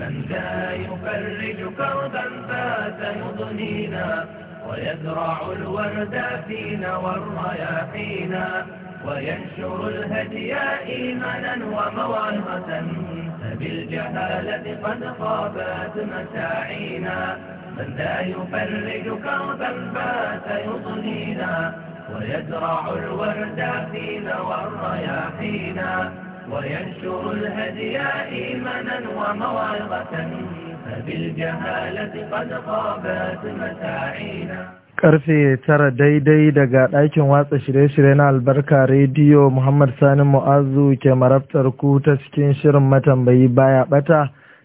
من ذا يفرج كربا فات يضنينا ويزرع الورد فينا والرياحينا وينشر الهدياء إيمانا وموعظة فبالجهالة قد خابت مساعينا من ذا يفرج كربا فات يضنينا ويزرع الورد فينا والرياحينا وينشر الهدي إيمانا وموعظة فبالجهالة قد خابت متاعينا karfe tara daidai daga ɗakin watsa shirye-shirye na albarka rediyo muhammad sani mu'azu ke marabtar ku ta cikin shirin matambayi baya ɓata.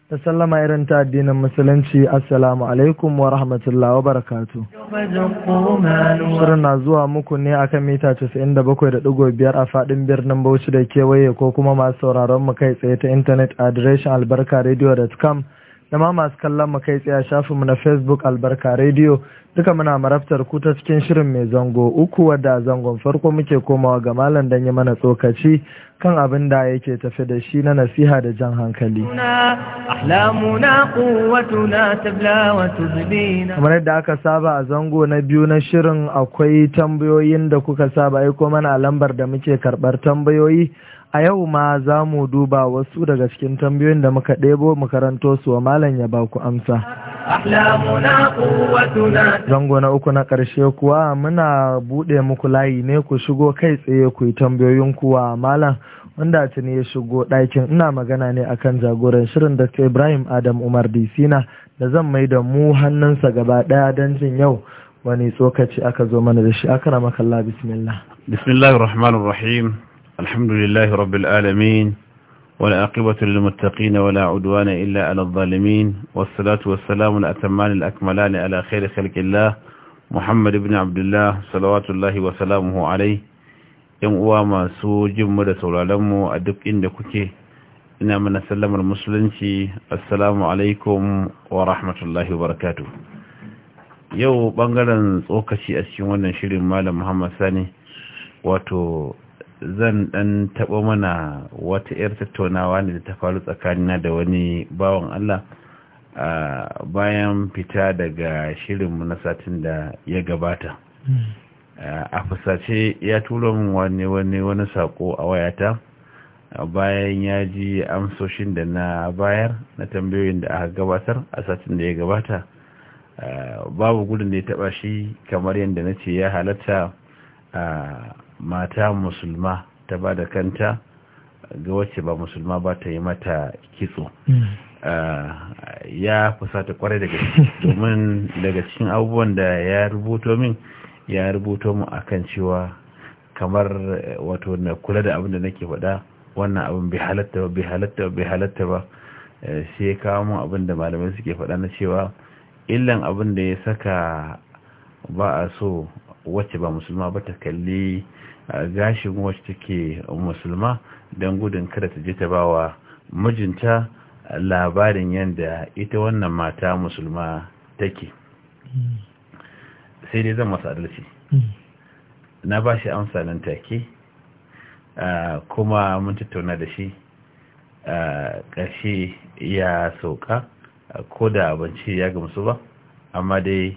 ta sallama irin ta addinin musulunci assalamu alaikum wa rahmatullahi wa barakatu shirin na zuwa muku ne akan mita 97.5 a fadin birnin bauchi da kewaye ko kuma masu sauraron mu kai tsaye ta intanet adireshin albarka radio.com da ma masu kallon mu kai tsaye shafinmu na facebook albarka radio duka muna marabtar ku ta cikin shirin mai zango uku wadda zangon farko muke komawa ga malam dan yi mana tsokaci kan abin da yake tafi da shi na nasiha da jan hankali kamar yadda aka saba a zango na biyu na shirin akwai tambayoyin da kuka saba aiko mana a lambar da muke karɓar tambayoyi a yau ma za mu duba wasu daga cikin tambayoyin da muka ɗebo mu su wa malam ya ba ku amsa zango na uku na ƙarshe kuwa muna buɗe muku layi ne ku shigo kai tsaye ku yi tambayoyin kuwa malam wanda tuni ya shigo ɗakin ina magana ne akan jagoran shirin da ibrahim adam umar disina da zan mai da mu hannunsa gaba ɗaya don jin yau wani tsokaci aka zo mana da shi aka ramakalla bismillah Bismillahirrahmanirrahim. الحمد لله رب العالمين والعاقبة للمتقين ولا عدوان إلا على الظالمين والصلاة والسلام الأتمان الأكملان على خير خلق الله محمد بن عبد الله صلوات الله وسلامه عليه yan uwa masu jin mu da sauraronmu a duk inda kuke ina mana sallamar musulunci assalamu alaikum wa rahmatullahi wa yau bangaren tsokaci a cikin wannan shirin malam muhammad sani wato zan dan taɓo mana wata 'yar tattaunawa ne da ta faru tsakanina da wani bawan Allah bayan fita daga shirinmu na satin da ya gabata hmm. a fusace ya turo min wani wani wani sako a wayata bayan ya ji amsoshin da na bayar na tambayoyin da aka gabatar a satin da ya gabata babu gudun da ya taba shi kamar yadda na ce ya halatta mata musulma ta ba da kanta ga wacce ba musulma ba ta yi mata kitso hmm. ah, ya fusata kwarai daga domin daga cikin abubuwan da ya rubuto min ya rubuto mu akan cewa kamar eh, wato na kula da abin da nake faɗa wannan abin bai halatta ba bai halatta ba bai halatta ba eh, sai kawo mun abin da malamai suke faɗa na cewa illan abin da ya saka ba a so wacce ba musulma ba ta kalli gashin wacce take musulma don gudun kada ta je ta ba wa mijinta labarin yadda ita wannan mata musulma take sai dai zan masu adalci na ba shi amsa nan take kuma mun tattauna da shi ƙarshe ya sauka ko da abinci ya gamsu ba amma dai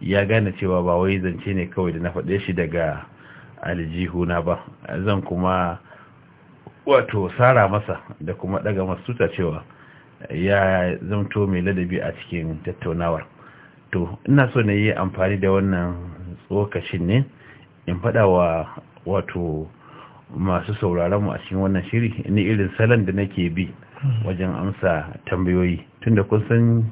ya gane cewa ba wai zance ne kawai da na faɗe shi daga aljihuna ba zan kuma wato sara masa da kuma daga masuta cewa ya zamto mai ladabi a cikin tattaunawar to ina so na yi amfani da wannan tsokacin ne in faɗawa wa wato masu sauraron mu a cikin wannan shiri ni irin salon da nake bi wajen amsa tambayoyi tunda kun san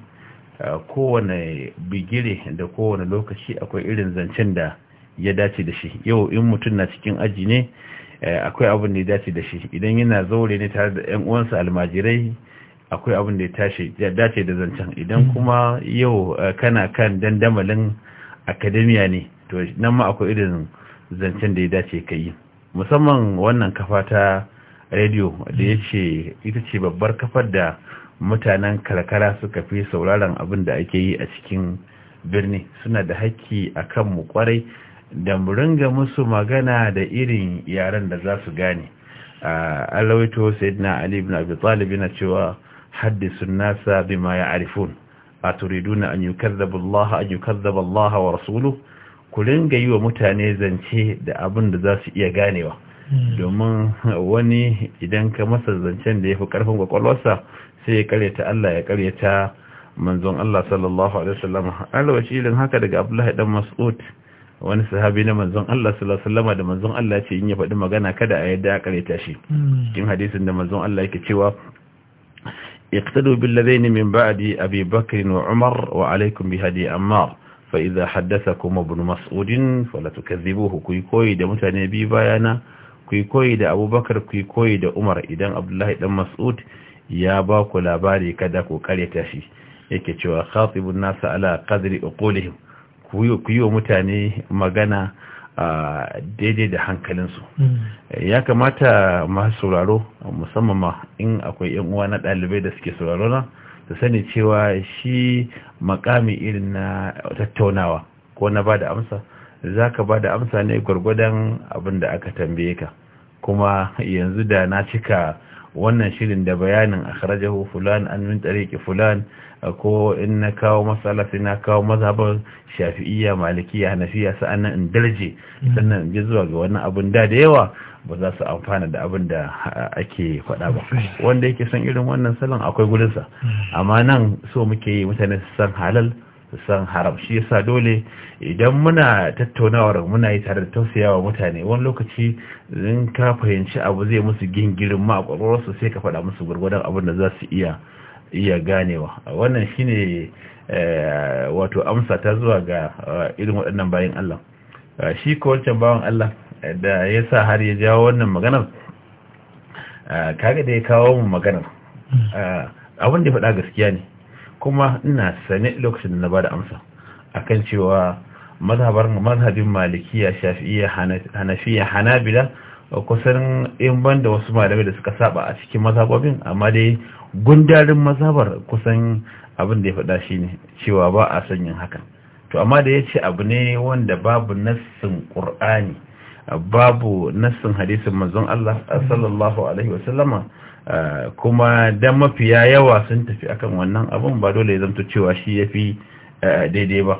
uh, kowane bigire da kowane lokaci akwai irin zancen da ya dace da shi yau in mutum na cikin aji ne eh, akwai abin da ya dace da shi idan yana zaure ne tare da yan uwansa almajirai akwai abin da ya tashi ya dace da zancen idan mm. kuma yau eh, kana kan dandamalin akademiya ne to nan ma akwai irin zancen da ya dace ka yi musamman wannan kafa ta rediyo da mm. ya ce ita ce babbar kafar da mutanen karkara suka fi sauraron abin da ake yi a cikin birni suna da hakki a kanmu kwarai da mu ringa musu magana da irin yaren da za su gane alawaito sayyidina ali ibn abi talib yana cewa haddisun nasa bima ya'rifun aturiduna an yukadhdhaba Allah an yukadhdhaba Allah wa rasuluhu ku ringa yi wa mutane zance da abin da za su iya ganewa hmm. domin wani idan ka masa zancen da ya fi karfin kwakwalwarsa sai ya karyata Allah ya karyata manzon Allah sallallahu alaihi wasallam alwashi haka daga Abdullahi dan Mas'ud wani sahabi na manzon Allah sallallahu alaihi da manzon Allah ce in ya faɗi magana kada a yadda ya kareta shi hmm. cikin hadisin da manzon Allah yake cewa iqtadu bil ladaini min ba'di abi bakr wa umar wa alaikum bi hadi ammar fa idha haddathakum ibn mas'ud fala tukadhibuhu kuyi koyi da mutane bi bayana kuyi koyi da abubakar kuyi koyi da umar idan abdullahi dan mas'ud ya ba ku labari kada ku kareta shi yake cewa khatibun nasa ala qadri uqulihim ku yi wa mutane magana daidai da hankalinsu hmm. ya kamata masu sauraro musamman ma in akwai yan uwa na ɗalibai da suke sauraro na su sani cewa shi makami irin na tattaunawa ko na bada amsa za ka ba da amsa ne gwargwadon abin da aka tambaye ka kuma yanzu da na cika wannan shirin da bayanin a kharajahu fulan an min tariqi fulan ko in na kawo matsala sai na kawo mazhabar shafi'iyya malikiya hanafiya sa'annan in darje mm. sannan in zuwa ga wannan abun da da yawa ba za su amfana da abin da ake faɗa ba mm. wanda yake son irin wannan salon akwai sa mm. amma nan so muke yi mutane su san halal su san haram shi yasa dole idan muna tattaunawar muna yi tare da tausayawa mutane wani lokaci in ka fahimci abu zai musu gingirin ma a sai ka faɗa musu gwargwadon abin da za su iya iya ganewa wannan shine eh, wato amsa ta zuwa ga eh, irin waɗannan bayan Allah eh, shi ko wancan bawan Allah da ya sa har ya jawo wannan maganar kaga da ya kawo mu maganar abin da faɗa gaskiya ne kuma ina sane lokacin da na bada da amsa akan cewa mazhabar mazhabin malikiya shafi'iyya hanafiya hanabila kusan in banda wasu malamai da suka saba a cikin mazababin amma dai gundarin mazabar kusan abin da ya faɗa shi ne cewa ba a son yin hakan to amma da ya ce abu ne wanda babu nassin ƙur'ani babu nassin hadisin manzon Allah sallallahu alaihi wasallama kuma dan mafiya yawa sun tafi akan wannan abun ba dole ya zanto cewa shi ya fi daidai ba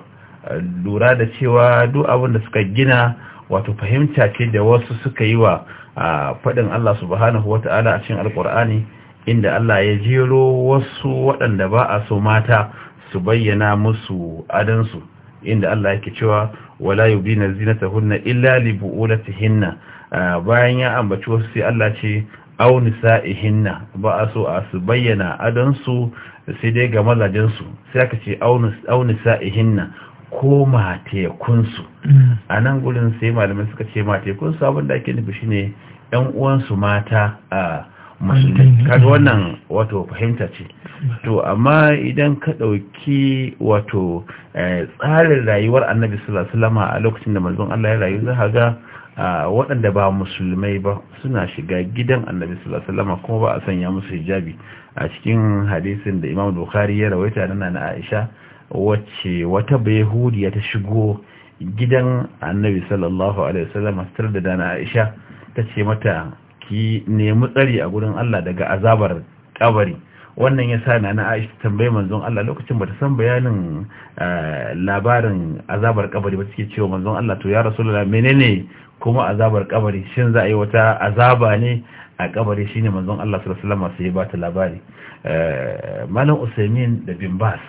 lura da cewa duk abin da suka gina wato fahimta ce da wasu suka yi wa faɗin Allah subhanahu ta'ala a cikin alkur'ani inda Allah ya jero wasu waɗanda ba a so mata su bayyana musu adansu inda Allah yake cewa wala yubina zinatahunna illa li bu'ulatihinna bayan ya ambaci wasu sai Allah ce aw nisa'ihinna ba a so a su bayyana adansu sai dai ga mazajensu sai aka ce aw nisa'ihinna koma tekunsu mm. a nan gurin sai malamai suka ce ma tekunsu da ake nufi shine yan uwansu mata a musulmi kada wannan wato fahimta ce to amma idan ka ɗauki wato eh, tsarin rayuwar annabi sallama a lokacin da manzon Allah ya rayu za ga waɗanda ba musulmai ba suna shiga gidan annabi sallama kuma ba a sanya musu hijabi a cikin hadisin da imam bukhari ya rawaita nana na aisha wacce wata bayahudiya ta shigo gidan annabi sallallahu alaihi wasallam tare da dana aisha ta ce mata ki nemi tsari a gurin Allah daga azabar kabari wannan yasa na na aisha tambayi manzon Allah lokacin bata san bayanin eh, labarin azabar kabari ba take cewa manzon Allah to ya rasulullah menene kuma azabar kabari shin za a yi wata azaba ne a kabari shine manzon Allah sallallahu alaihi wasallam sai ya bata labari eh, malam Usaimin da bin Bas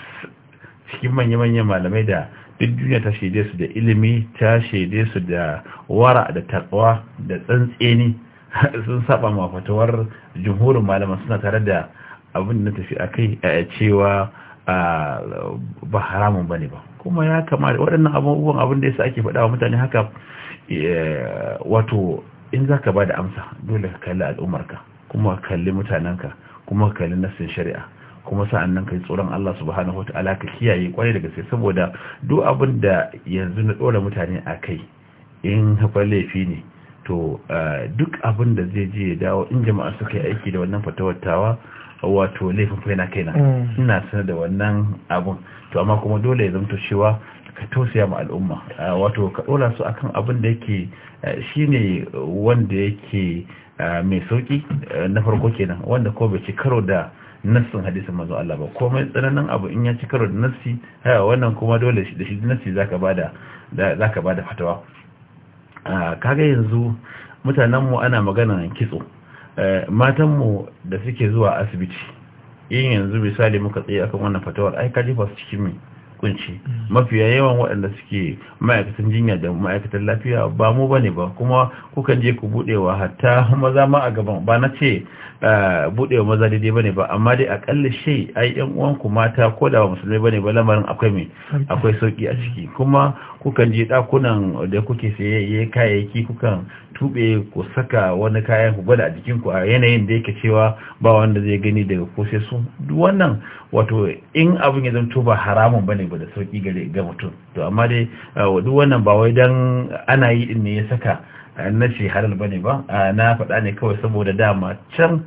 cikin manya-manyan malamai da duk duniya ta shaide su da ilimi ta shaide su da wara da takwa da tsantseni sun saba ma fatawar jumhurin malaman suna tare da abin da tafi a kai a eh, cewa ah, ba haramun bane ba kuma ya kamata waɗannan abubuwan abin da ya sa ake faɗa wa mutane haka eh, wato in za ka ba da amsa dole ka kalli al'ummarka, kuma ka kalli mutanenka kuma ka kalli nassin shari'a kuma sa'an nan kai tsoron Allah subhanahu ta'ala ka kiyaye kwarai da gaske saboda duk abin da yanzu na dora mutane a kai in haifar laifi ne to duk abin da zai je ya dawo in jama'a suka yi aiki da wannan fatawattawa wato laifin fa yana kaina mm. ina sanar da wannan abun to amma kuma dole ya zama cewa ka tausaya ma al'umma wato ka dora su akan abin da yake shine wanda yake mai sauki na farko kenan wanda ko bai ci karo da nassin hadisin mazu Allah ba komai tsananin abu in ya ci karo da nassi haya wannan kuma dole da shi nassi zaka bada zaka bada fatawa kaga yanzu mutanenmu ana magana kitso e, matan mu da suke zuwa asibiti yin yanzu misali muka tsaye akan wannan fatawar ai ka jefa su cikin mai kunci mm. mafiya yawan waɗanda suke ma'aikatan jinya da ma'aikatan lafiya ba mu bane ba kuma kukan je ku budewa hatta maza ma a gaban ba na ce buɗewa maza daidai bane ba amma dai akalla shi ai yan uwanku mata ko da musulmai bane ba lamarin akwai mai akwai sauki a ciki kuma kukan je dakunan da kuke sayayye kayayyaki kukan tube ku saka wani kayan ku gwada a jikin ku a yanayin da yake cewa ba wanda zai gani daga ko sai su wannan wato in abin ya zanto ba haramun bane ba da sauki gare ga mutum to amma dai duk wannan ba wai dan ana yi din ne ya saka na ce halal bane ba na faɗa ne kawai saboda dama can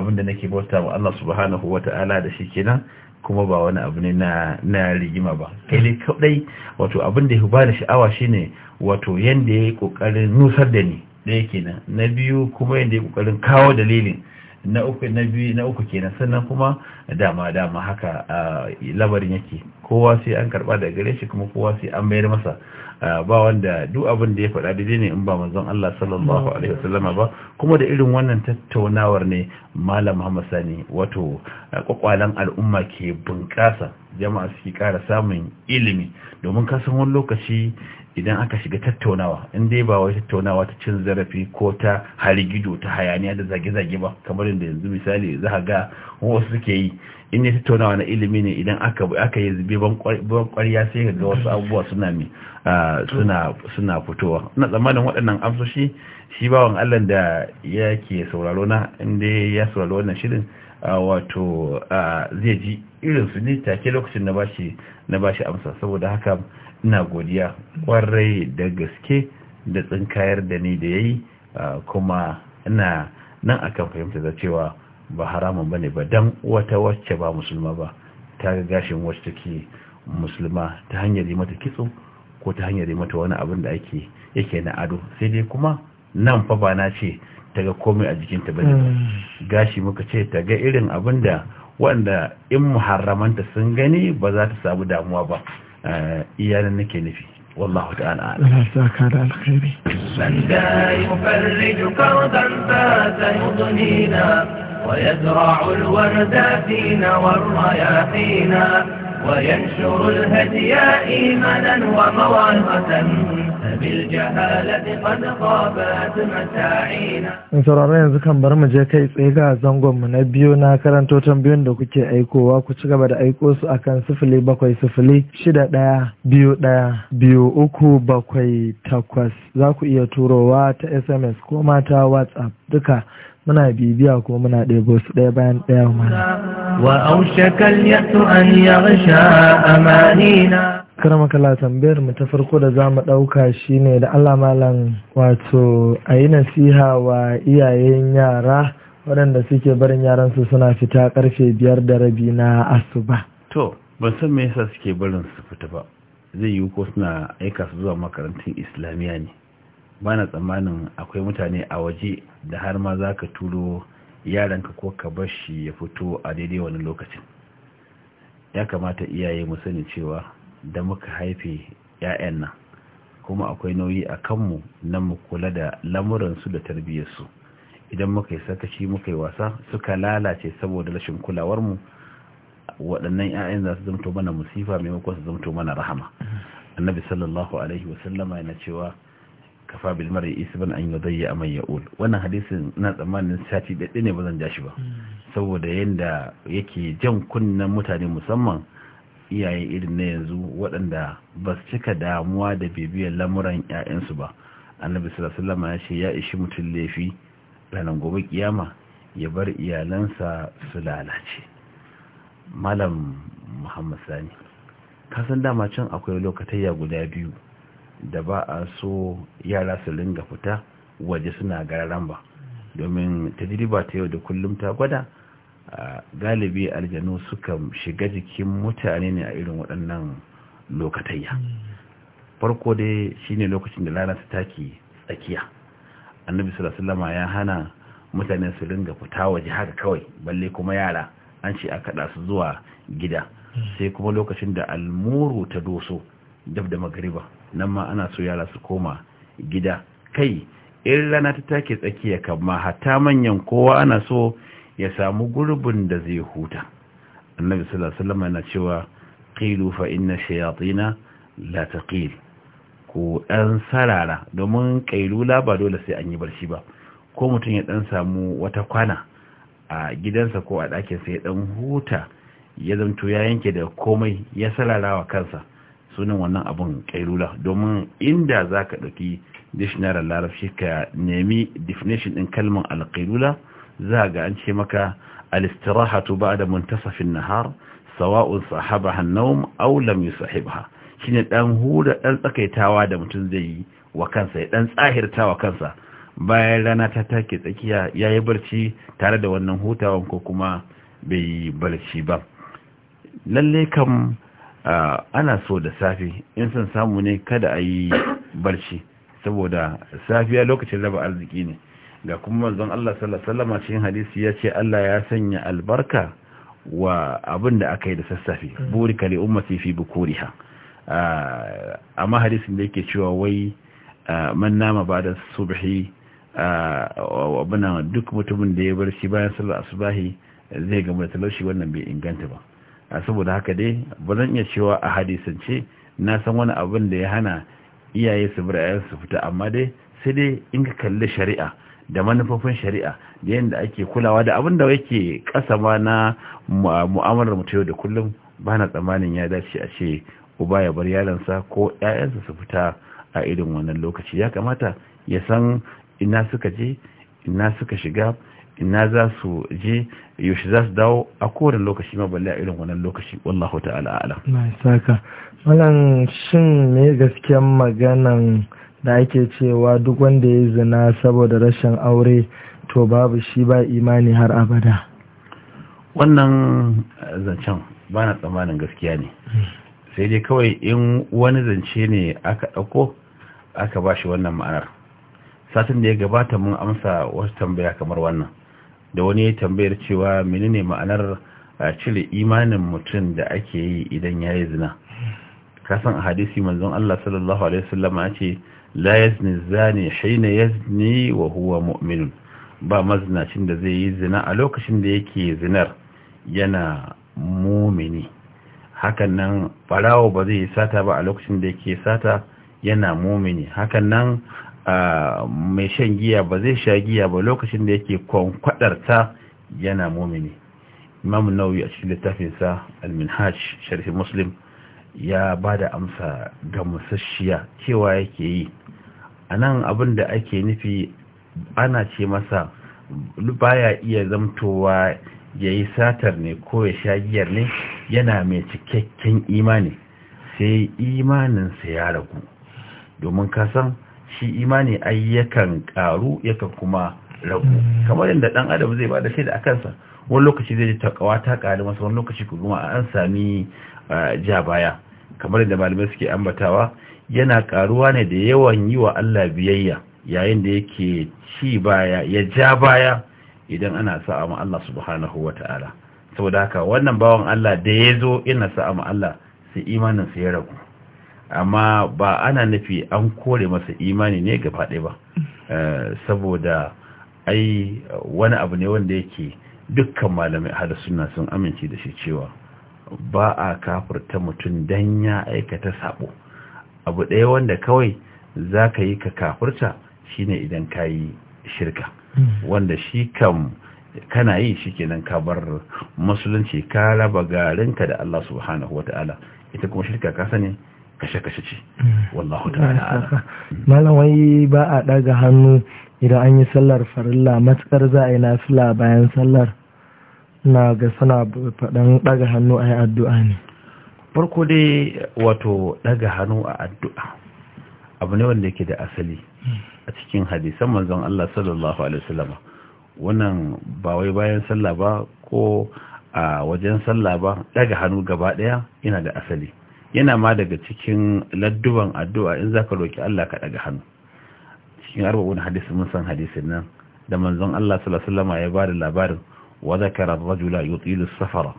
da nake bauta wa Allah subhanahu wa ta'ala da shi kenan kuma ba wani abu ne na rigima ba kai dai kaɗai wato abin da ya ba da sha'awa shine wato yanda yake kokarin ƙoƙarin nusar da ni ɗaya kenan na biyu kuma yanda ya kokarin kawo dalilin na uku na biyu na uku kenan sannan kuma dama dama haka ah, labarin yake kowa sai an karba da gare shi kuma kowa sai an mayar masa Eh, ba wanda duk abin da ya faɗa daidai ne in ba manzon Allah sallallahu alaihi wasallam ba kuma da irin wannan tattaunawar ne malam Muhammad Sani wato eh, kwakwalan al'umma ke bunƙasa jama'a suke ƙara samun ilimi domin kasan wani lokaci idan aka shiga tattaunawa in dai ba wai tattaunawa ta cin zarafi ko ta harigido ta hayaniya da zage-zage ba kamar yadda yanzu misali za ga wasu suke yi in ne tattaunawa na ilimi ne idan aka aka yi zube ban kwariya sai ga wasu abubuwa suna mi suna fitowa ina tsammanin waɗannan amsoshi shi bawan Allah da ke sauraro na in ya sauraro wannan shirin wato zai ji irin su ne take lokacin na bashi na bashi amsa saboda haka ina godiya kwarai da gaske da tsinkayar da ni da ya yi kuma ina nan akan fahimta da cewa ba haramun ba ne ba don wata wacce ba musulma ba ta ga gashin wacce take musulma ta hanyar yi mata kitso ko ta hanyar yi mata wani abin da ake yake na ado sai dai kuma nan fa ba na ce ta ga komai a jikinta ba hmm. gashi muka ce ta ga irin abin da wanda in muharramanta sun gani ba za ta samu damuwa ba iyalan nake nufi والله تعالى أعلم جزاك على الخير من لا يفرج كردا فات يضنينا ويزرع الورد فينا والرياحينا وينشر الهدي إيمانا وموعظة In sauraro yanzu kan bar mu je kai tsaye ga zangon mu na biyu na karanto tambayoyin da kuke aikowa ku ci gaba da aiko su akan sifili bakwai sifili shida ɗaya biyu ɗaya biyu uku bakwai takwas za ku iya turowa ta SMS ko mata WhatsApp duka muna bibiya kuma muna ɗebo su ɗaya bayan ɗaya mana wa aushakal yatu an rasha amanina karama kala tambayar mu ta farko da za mu ɗauka shi ne da Allah malam wato a yi nasiha wa iyayen yara waɗanda suke barin yaran su suna fita karfe biyar da rabi na asuba to ban san me yasa suke barin su fita ba zai yi ko suna aika su zuwa makarantun islamiyya ne bana tsammanin akwai mutane a waje da har ma za ka turo yaranka ko ka bar shi ya fito a daidai wani lokacin ya kamata iyaye mu sani cewa da muka haife 'ya'yan nan kuma akwai nauyi a kanmu na mu kula da lamuransu da tarbiyyarsu idan muka yi sakaci muka yi wasa suka lalace saboda rashin kulawarmu waɗannan 'ya'yan za su zamto mana musifa maimakon su zamto mana rahama mm-hmm. annabi sallallahu alaihi wasallama yana cewa kafa bil mara isban an yudayya amman ya'ul wannan hadisin na tsammanin sati ɗaya ne bazan zan ja shi ba hmm. saboda yanda yake jan kunnen mutane musamman iyaye irin na yanzu waɗanda ba su cika damuwa da bibiyar lamuran 'ya'yansu ba annabi sallallahu alaihi ya ce ya ishi mutum laifi ranar gobe kiyama ya bar iyalansa su lalace malam muhammad sani kasan dama can akwai lokatayya guda biyu da ba a so yara su ringa fita waje suna gararan ba domin jiriba ta yau da kullum ta gwada galibi aljanu suka shiga jikin mutane ne a irin waɗannan lokatayya farko dai shine lokacin da rana ta take tsakiya annabi sallallahu ya hana mutane su ringa fita waje haka kawai balle kuma yara an ce a kaɗa su zuwa gida hmm. sai kuma lokacin da almuru ta doso dab da magariba nan ma ana so yara su koma gida kai in rana ta take tsakiya kamma hatta manyan kowa ana so ya samu gurbin da zai huta annabi sallallahu alaihi yana cewa qilu fa inna shayatina la taqil ko dan sarara domin kailula ba dole sai an yi barci ba ko mutum ya dan samu wata kwana a gidansa ko a ɗakinsa ya dan huta ya zanto ya yanke da komai ya sararawa kansa sunan wannan abun kailula domin inda za ka ɗauki dishinarar larabci ka nemi definition ɗin kalmar alƙailula za ga an ce maka alistirahatu ba da muntasafin nahar sawa'un sahaba hannawun aulam yi sahibha shi ne ɗan hura ɗan tsakaitawa da mutum zai yi wa kansa ya ɗan tsahirta wa kansa bayan rana ta take tsakiya ya yi barci tare da wannan hutawan ko kuma bai yi barci ba lallai kam ana so da safi in sun samu ne kada a yi barci saboda safiya lokacin raba arziki ne ga kuma manzon Allah sallallahu alaihi wasallam cikin hadisi ya ce Allah ya sanya albarka wa abin da aka yi da sassafe mm. burika li ummati fi bukuriha amma hadisin da yake cewa wai man nama bada subhi abinan duk mutumin da ya barci bayan sallar asubahi zai gama da talaushi wannan bai inganta ba saboda haka dai ba zan iya cewa a hadisance na san wani abin da ya hana iyaye su birayar su fita amma dai sai dai in ka kalli shari'a da manufofin shari'a da yadda ake kulawa da abin da yake kasa ma na mu'amalar mu yau da kullum ba na tsammanin ya dace a ce uba ya bar yaransa ko 'ya'yansa su fita a irin wannan lokaci ya kamata ya san ina suka je ina suka shiga ina za su je yaushe za su dawo a kowane lokaci ma balle a irin wannan lokaci wallahu ta'ala ala mai saka wannan shin ne gaskiyan maganan da ake cewa duk wanda ya zina saboda rashin aure to babu shi ba imani har abada wannan zancen ba na tsammanin gaskiya ne sai dai kawai in wani zance ne aka ɗauko aka ba shi wannan ma'anar satin da ya gabata mun amsa wasu tambaya kamar wannan da wani ya tambayar cewa menene ma'anar cire imanin mutum da ake yi idan ya yi zina kasan a hadisi manzon Allah sallallahu alaihi wasallam ya ce la yazni zani ya zini wa huwa muminun ba mazinacin da zai yi zina a lokacin da yake zinar yana mumini hakan nan farawo ba zai yi sata ba a lokacin da yake sata yana mumini hakan nan mai shan giya ba zai sha giya ba lokacin da yake kwankwadarta yana mumini imam nauyi a cikin littafinsa al-minhaj sharhi muslim ya ba da amsa ga musashiya cewa yake yi a nan abin da ake nufi ana ce masa baya iya zamtowa ya yi satar ne ko ya sha giyar ne yana mai cikakken imani sai imaninsa ya ragu domin kasan shi imani ai yakan karu yakan kuma ragu hmm. kamar yadda dan adam zai bada shaida a kansa wani lokaci zai ji takawa ta karu masa wani lokaci kuma an sami ja baya kamar yadda malamai suke ambatawa yana karuwa ne da yawan yi wa Allah biyayya yayin da yake ci baya ya ja baya idan ana sa'a ma Allah subhanahu wataala saboda haka wannan bawan Allah da ya zo ina sa'a ma Allah sai imanin sa ya ragu amma ba ana nufi an kore masa imani ne ga faɗe ba mm. eh, saboda ai wani abu ne wanda yake dukkan malamai hada suna sun amince da shi cewa ba a kafirta mutum don ya aikata sabo abu ɗaya wanda kawai za ka yi ka kafirta shine idan ka yi shirka mm. wanda shi kam kana yi shi kenan ka bar musulunci ka raba garinka da Allah subhanahu wa ta'ala ita kuma shirka ka sani kashe-kashe ce mm. wallahu ta'ala mm. malam wai ba a daga hannu idan an yi sallar farilla matukar za a yi nafila bayan sallar na ga suna faɗan daga hannu a yi addu'a ne farko dai wato daga hannu a addu'a abu ne wanda yake da asali a cikin hadisan manzon Allah sallallahu alaihi wasallam wannan ba wai bayan sallah ba ko a wajen sallah ba daga hannu gaba daya yana da asali yana ma daga cikin ladduban addu'a in zaka roki Allah ka daga hannu cikin arba'un hadisi mun san hadisin nan da manzon Allah sallallahu alaihi wasallam ya bada labarin wa zakara rajula yutilu as-safara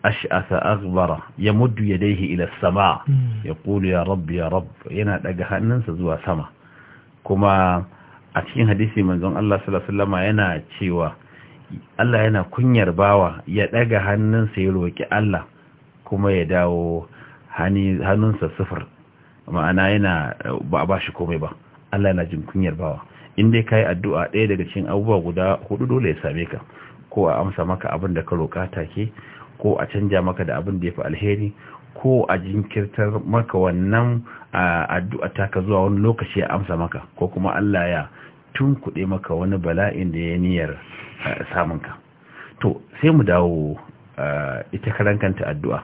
ash'atha aghbara yamuddu yadayhi ila sama samaa hmm. yaqulu ya rabbi ya rabb yana daga hannunsa zuwa sama kuma a cikin hadisi manzon Allah sallallahu yana cewa Allah yana kunyar bawa ya daga hannunsa ya roki Allah kuma ya dawo hannunsa sufur ma'ana yana ba ba shi komai ba Allah na jin kunyar bawa in ka yi addu'a ɗaya daga cikin abubuwa guda hudu dole ya same ka ko a amsa maka abin da ka roƙa take ko a canja maka da abin da ya fi alheri ko a jinkirtar maka wannan addu'a ta ka zuwa wani lokaci ya amsa maka ko kuma Allah ya tun kuɗe maka wani bala'in da ya niyyar samun ka to sai mu dawo ita karankanta addu'a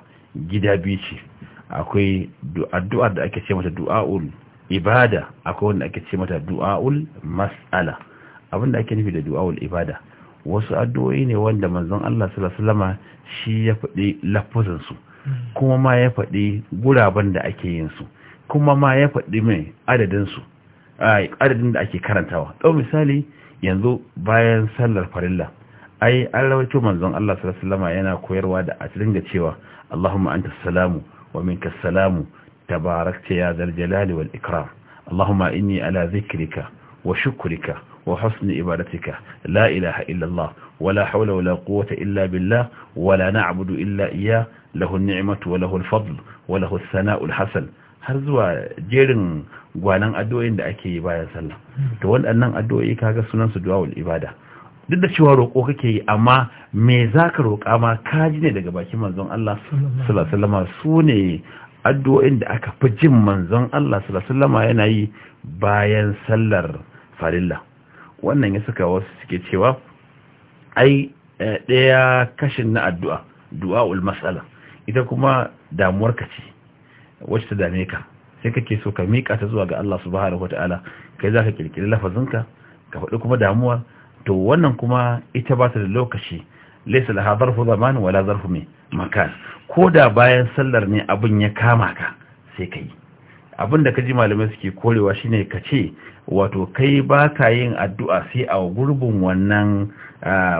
gida biyu ce akwai addu'ar da ake ce mata du'a'ul ibada akwai wanda ake ce mata du'a'ul mas'ala abin da ake nufi da du'a'ul ibada wasu addu'o'i ne wanda manzon Allah sallallahu shi ya faɗi lafuzin su kuma ma ya faɗi guraben da ake yin su kuma ma ya faɗi mai adadin su adadin da ake karantawa ɗau misali yanzu bayan sallar farilla ai an rawaito manzon Allah sallallahu yana koyarwa da a dinga cewa Allahumma anta salamu ومنك السلام تباركت يا ذا الجلال والإكرام اللهم إني على ذكرك وشكرك وحسن إبادتك لا إله إلا الله ولا حول ولا قوة إلا بالله ولا نعبد إلا إياه له النعمة وله الفضل وله الثناء الحسن har zuwa jerin gwanan addu'o'in da ake yi bayan sallah to waɗannan addu'o'i kaga sunan su du'a ibada duk da cewa roƙo kake yi amma me za ka roƙa ma ka ji ne daga bakin manzon Allah sallallahu alaihi su ne addu'o'in da aka fi jin manzon Allah sallallahu yana yi bayan sallar farilla wannan ya saka wasu suke cewa ai eh, ɗaya kashin na addu'a ul mas'ala ita kuma damuwar ka ce wacce ta dame ka sai kake so ka miƙa ta zuwa ga Allah subhanahu wata'ala kai za ka kirkiri lafazinka ka faɗi kuma damuwar to wannan kuma ita ba ta da lokaci laisa laha zarfu zaman wala zarfu mai makan ko da bayan sallar ne abin ya kama ka sai ka yi abin da ka ji malamai suke korewa shine ka ce wato kai ba ka yin addu'a sai a gurbin wannan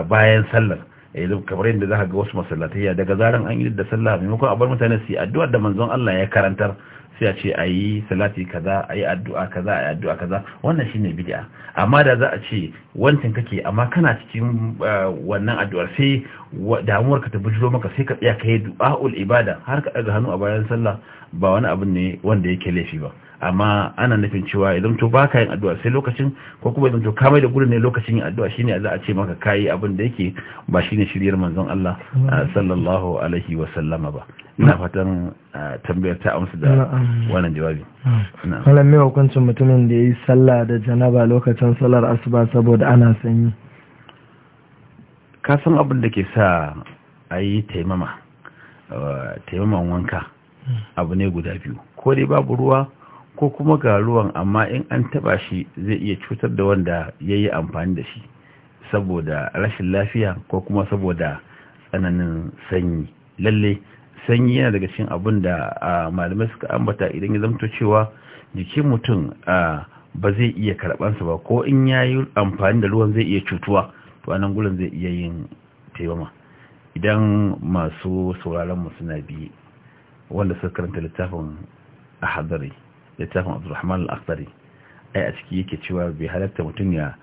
bayan sallar Idan eh, kamar yadda za ka ga wasu masallatai daga zaran an yi da sallah maimakon a bar mutane su yi addu'ar da manzon Allah ya karantar sai a ce a yi salati kaza a yi addu'a kaza a yi addu'a kaza wannan shine bid'a amma da za a ce wancan kake amma kana cikin eh, wannan addu'ar sai damuwar ka ta bujiro maka sai ka tsaya ka yi du'a'ul ibada har ka ɗaga hannu a bayan sallah ba wani abin ne wanda yake laifi ba amma ana nufin cewa idan to baka yin addu'a sai lokacin ko kuma idan to ka mai da gurin ne lokacin yin addu'a shine za a ce maka kai abin da yake ba shine shiryar manzon Allah mm. sallallahu alaihi wa sallama ba ina mm. fatan tambayar ta amsa da wannan jawabi mm. malam me hukuncin mutumin da yayi sallah da janaba lokacin sallar asuba saboda ana sanyi ka san abin da ke sa ayi taimama taimaman wanka abu ne guda biyu ko dai babu ruwa ko kuma ga ruwan amma in an taba shi zai iya cutar da wanda ya yi amfani da shi saboda rashin lafiya ko kuma saboda tsananin sanyi lalle sanyi yana daga cikin abin da malamai suka ambata idan ya zamto cewa jikin mutum ba zai iya karɓansa ba ko in ya yi amfani da ruwan zai iya cutuwa to anan gurin zai iya yin taimama idan masu sauraron mu suna biye wanda suka karanta littafin a hadari littafin abdurrahman al-akhtari ai a ciki yake cewa bai halatta mutum ya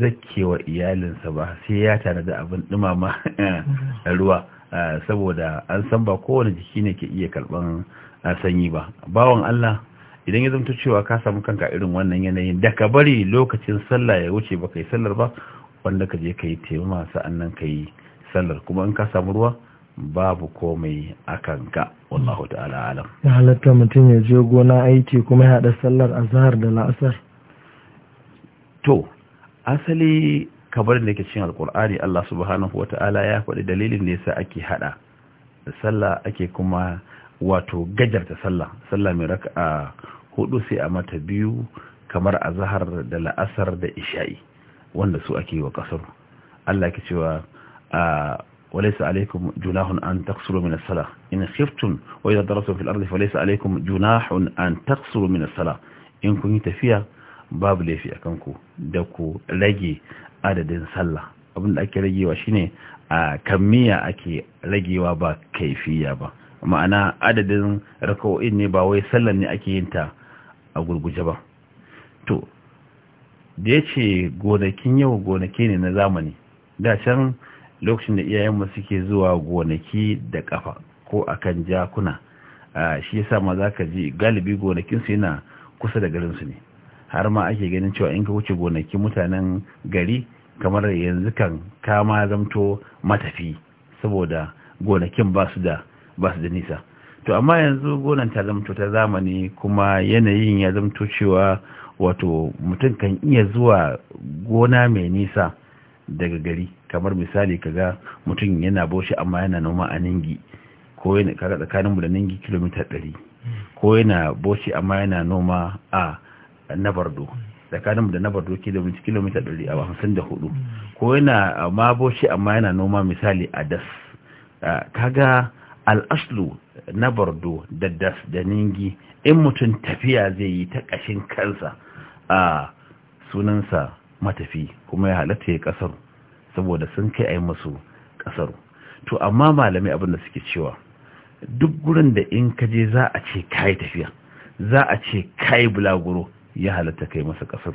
zakkewa iyalinsa ba sai ya tare da abin dumama ruwa saboda an san ba kowane jiki ne ke iya karban sanyi ba bawan Allah idan ya zamto cewa ka samu kanka irin wannan yanayin da ka bari lokacin sallah ya wuce ba ka yi sallar ba wanda ka je ka yi taimama nan ka yi sallar kuma in ka samu ruwa babu komai a kanka wallahu ta'ala alam ya halatta mutum ya je gona aiki kuma ya haɗa sallar azhar da la'asar to asali kamar da ke cikin alkur'ani Allah subhanahu wa ta'ala ya faɗi dalilin da sa ake haɗa sallah ake kuma wato gajarta sallah sallah mai raka'a hudu sai a mata biyu kamar azhar da la'asar da isha'i wanda su ake wa kasar Allah ke cewa ah, وليس عليكم جناح أن تقصروا من الصلاة إن خفتم وإذا درستم في الأرض فليس عليكم جناح أن تقصروا من الصلاة إن كنت فيها babu laifi a kanku da ku rage adadin sallah abinda ake ragewa shine a kammiya ake ragewa ba kaifiya ba ma'ana adadin raka'o'in ne ba wai sallar ne ake yin ta a gurguje ba to da ya ce gonakin yau gonake ne na zamani da can lokacin da iyayenmu suke zuwa gonaki da kafa ko akan jakuna shi yasa ma zaka ka ji galibi gonakinsu yana kusa da garinsu ne har ma ake ganin cewa in ka wuce gonaki mutanen gari kamar yanzu kan kama zamto matafi saboda gonakin ba su da ba su da nisa to amma yanzu gonan ta zamto ta zamani kuma yanayin ya zamto cewa wato mutum kan iya zuwa gona mai nisa daga gari kamar misali kaga mutum yana boshi amma yana noma a ningi ko yana kaga tsakanin mu da ningi kilomita ɗari ko yana boshi amma yana noma a nabardo tsakanin mu da nabardo kilomita ɗari a hamsin da hudu ko yana ma boshi amma yana noma misali a das kaga al'aslu nabardo da das da ningi in mutum tafiya zai yi ta ƙashin kansa a sunansa matafi kuma ya halatta ya kasar saboda sun kai a musu masu kasar to amma malamai da suke cewa duk gurin da in ka je za a ce kayi tafiya za a ce kai bulaguro ya halatta kai masa kasar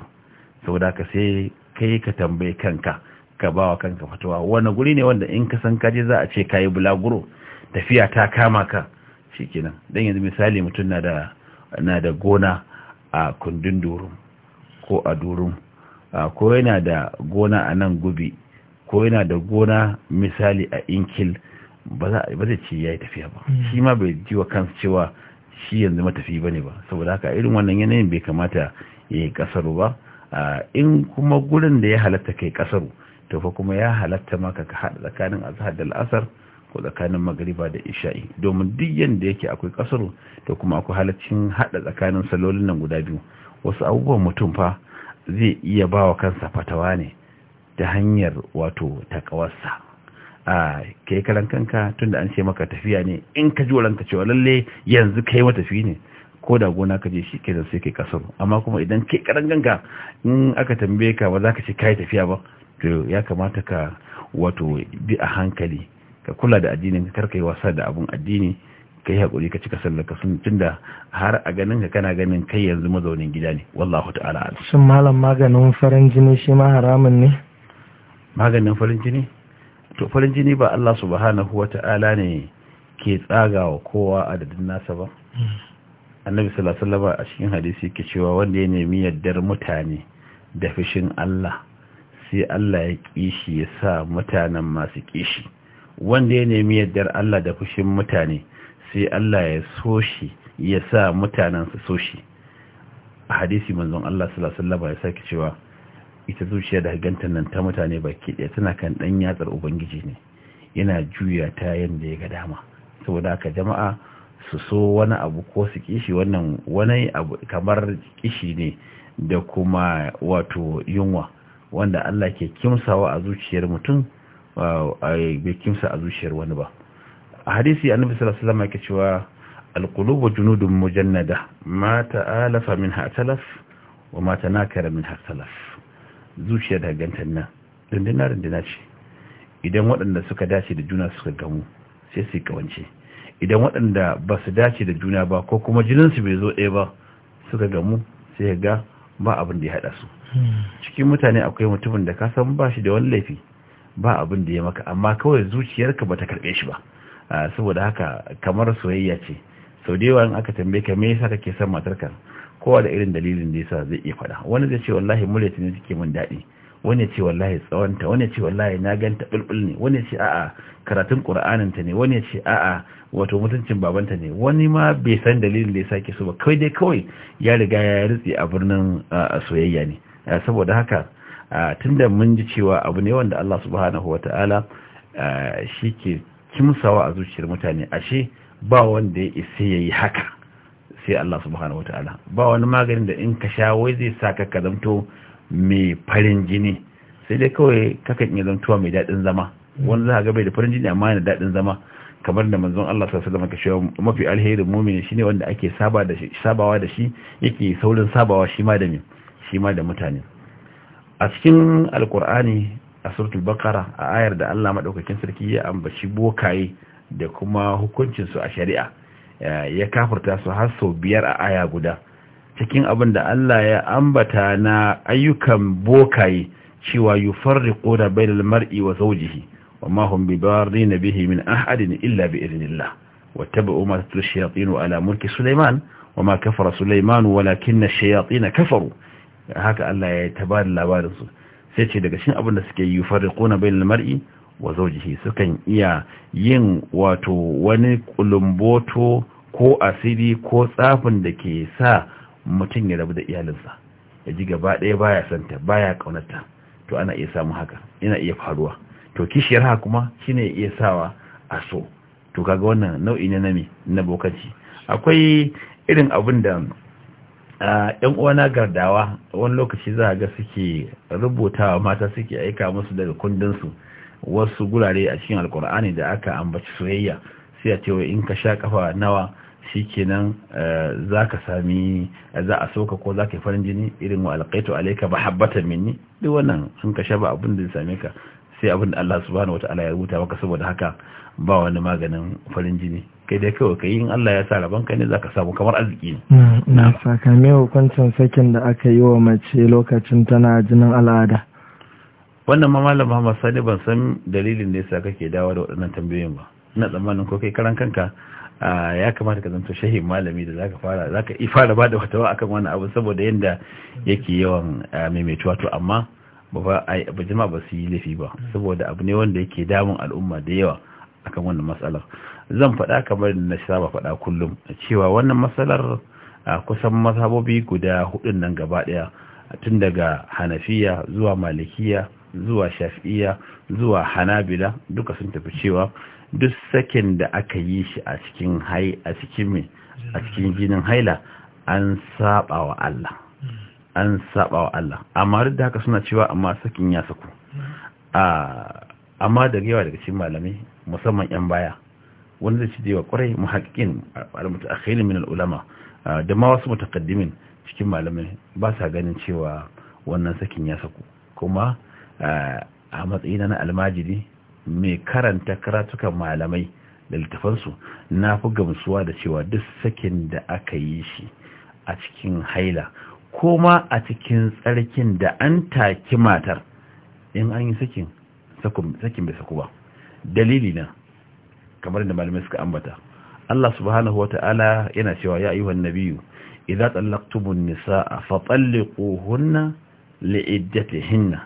saboda ka sai kai ka tambaye kanka ka ba wa kanka fatawa wani guri ne wanda in ka san kaje za a ce kayi bulaguro tafiya ta kama ka shikenan dan yanzu misali mutum na da na da gona a kundin durum ko a durum ko yana da gona a nan gubi ko yana da gona misali a inkil ba zai ce ya yi tafiya ba hmm. shi ma bai ji wa kansu cewa shi yanzu matafi ba ne ba saboda haka irin wannan yanayin bai kamata ya yi kasaru ba in kuma gurin da ya halatta kai kasaru to fa kuma ya halatta maka ka haɗa tsakanin azhar da al'asar ko tsakanin magariba da isha'i domin duk yanda yake akwai kasaru to kuma akwai halaccin haɗa tsakanin salolin nan guda biyu wasu abubuwan mutum fa zai iya ba wa kansa fatawa ne ta hanyar wato takawarsa a kai karan kanka tun da an ce maka tafiya ne in ka ji walanka cewa lalle yanzu kai matafi ne ko da gona ka je shi ke sai kai kasar amma kuma idan kai karan ganka in aka tambaye ka ba za ka ce kai tafiya ba to ya kamata ka wato bi a hankali ka kula da addinin ka karka yi wasa da abin addini ka yi haƙuri ka cika sallar ka sun tunda har a ganin ka kana ganin kai yanzu mazaunin gida ne wallahu ta'ala shin malam maganin farin jini shi ma haramun ne maganin farin jini to farin jini ba Allah subhanahu wa ta'ala ne ke tsaga wa kowa adadin nasa ba annabi sallallahu alaihi wasallam a cikin hadisi yake cewa wanda ya nemi yaddar mutane da fishin Allah sai Allah ya kishi ya sa mutanen masu kishi wanda ya nemi yaddar Allah da fushin mutane sai Allah ya so shi ya sa mutanen su so shi a hadisi manzon Allah sallallahu alaihi wasallam ya saki cewa ita zuciya da gantan nan ta mutane baki ɗaya tana kan ɗan yatsar ubangiji ne yana juya ta yanda ya ga dama saboda haka jama'a su so wani abu ko su kishi wannan wani abu kamar kishi ne da kuma wato yunwa wanda Allah ke kimsawa a zuciyar mutum bai kimsa a zuciyar wani ba a hadisi annabi sallallahu alaihi wasallam yake cewa alqulubu junudun mujannada ma ta'alafa minha talaf wa ma tanakara minha talaf zuciya da gantan nan dindina dindina ce idan waɗanda suka dace da juna suka gamu sai su kawance idan waɗanda ba su dace da juna ba ko kuma jininsu bai zo ɗaya ba suka gamu sai ga ba abin da ya haɗa su hmm. cikin mutane akwai mutumin da ka san ba shi da wani laifi ba abin da ya maka amma kawai zuciyarka ba ta karɓe shi ba Ah, saboda haka kamar soyayya ce sau da yawa in aka tambaye ka me yasa kake son matarka kowa da irin dalilin da yasa zai iya faɗa wani zai ce wallahi muryarta ne take min daɗi wani ya ce wallahi tsawonta wani ya ce wallahi na ganta bulbul ne wani ya ce a'a karatun qur'aninta ne wani ya ce a'a wato mutuncin babanta ne wani ma bai san dalilin da ya ke so ba kai dai kawai ya riga ya ritse a birnin soyayya ne ah, saboda haka ah, tunda mun ji cewa abu ne wanda Allah subhanahu wataala shi ke kimsawa a zuciyar mutane ashe ba wanda ya isa yayi haka sai Allah subhanahu wataala ba wani maganin da in ka sha wai zai saka ka zamto mai farin jini sai dai kawai kakan iya zamtuwa mai daɗin zama wani za ga bai da farin jini amma yana daɗin zama kamar da manzon Allah sallallahu alaihi wasallam ka cewa mafi alherin mu'mini shine wanda ake saba da shi sabawa da shi yake saurin sabawa shi ma da shi ma da mutane a cikin alkur'ani a suratul bakara a ayar da Allah maɗaukakin sarki ya ambaci bokaye da kuma hukuncin su a shari'a ya kafurta su har sau biyar a aya guda cikin abin da Allah ya ambata na ayyukan bokaye cewa bai da bainal mar'i wa zawjihi wa ma hum bidarrin bihi min ahadin illa bi idnillah wa tabu'u ma tatlu shayatin ala mulki sulaiman wa ma kafara sulaiman walakinna ash-shayatin kafaru haka Allah ya tabada labarin su sai ce daga cikin abin da suke yi kuna bayan mar'i wa zawjihi sukan iya yin wato wani kulumboto ko asiri ko tsafin da ke sa mutum ya rabu da iyalinsa ya ji gaba ɗaya baya santa baya ƙaunata. to ana iya samu haka ina iya faruwa to kishiyar haka kuma shine iya sawa a so to kaga wannan nau'i ne na me na bokaci akwai irin abin da yan uwana gardawa wani lokaci za a ga suke rubutawa mata suke aika musu daga kundinsu wasu gurare a cikin alkur'ani da aka ambaci soyayya sai a cewa in ka sha kafa nawa shikenan e, za ka sami e, za a soka ko za ka yi farin jini irin wa alkaito alaika ba habbata minni duk wannan in ka sha ba abin da ya same ka sai abin da Allah subhanahu ta'ala ya rubuta maka saboda haka ba wani maganin farin jini kai dai kawai kai in Allah ya sa rabon kai ne zaka samu kamar arziki ne mm, na sakame hukuncin sakin da aka yi wa mace lokacin tana jinin al'ada wannan ma malam Muhammad Sani ban san dalilin da yasa kake dawo da waɗannan tambayoyin ba ina tsammanin ko kai karan kanka ya kamata ka zanto shahin malami da zaka fara zaka yi fara bada fatawa akan wannan abu saboda yanda yake yawan maimaituwa to amma ba ba jama'a ba su yi laifi ba saboda abu ne wanda yake damun al'umma da yawa akan wannan matsalar zan faɗa kamar na saba faɗa kullum cewa wannan matsalar a kusan mazhabobi guda hudun nan gaba daya tun daga hanafiya zuwa malikiya zuwa shafi'iya zuwa hanabila duka sun tafi cewa duk sakin da aka yi shi a cikin hai a cikin me a cikin jinin haila an saba wa Allah an saba wa Allah amma duk da haka suna cewa amma sakin ya saku amma da yawa daga cikin malamai musamman yan baya wani da ci da yawa kwarai muhaƙiƙin al min al'ulama, da ma wasu takaddimin cikin malamai ba sa ganin cewa wannan sakin ya saku kuma a matsayin na almajiri mai karanta karatukan malamai da littafansu na fi gamsuwa da cewa duk sakin da aka yi shi a cikin haila ko ma a cikin tsarkin da an taki matar in an yi sakin sakin bai saku ba dalili na kamar da malamai suka ambata Allah subhanahu wata'ala yana cewa ya ayyuhan nabiyyu idza tallaqtumun nisaa fa talliquhunna li'iddatihinna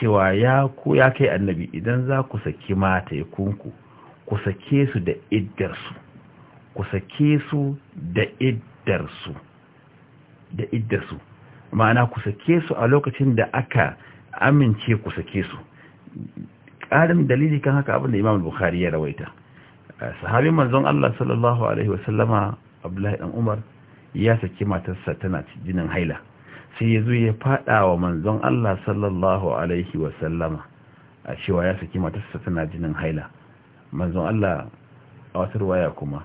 cewa ya ku ya kai annabi idan za ku saki mata yakunku ku sake su da iddarsu ku sake su da iddarsu da iddarsu ma'ana ku sake su a lokacin da aka amince ku sake su ƙarin dalili kan haka abin da imam bukhari ya rawaita sahabi manzon Allah sallallahu alaihi wasallama Abdullahi dan Umar ya saki matarsa tana jinin haila sai ya zo ya fada wa manzon Allah sallallahu alaihi wasallama a cewa ya saki matarsa tana jinin haila manzon Allah a wata ruwaya kuma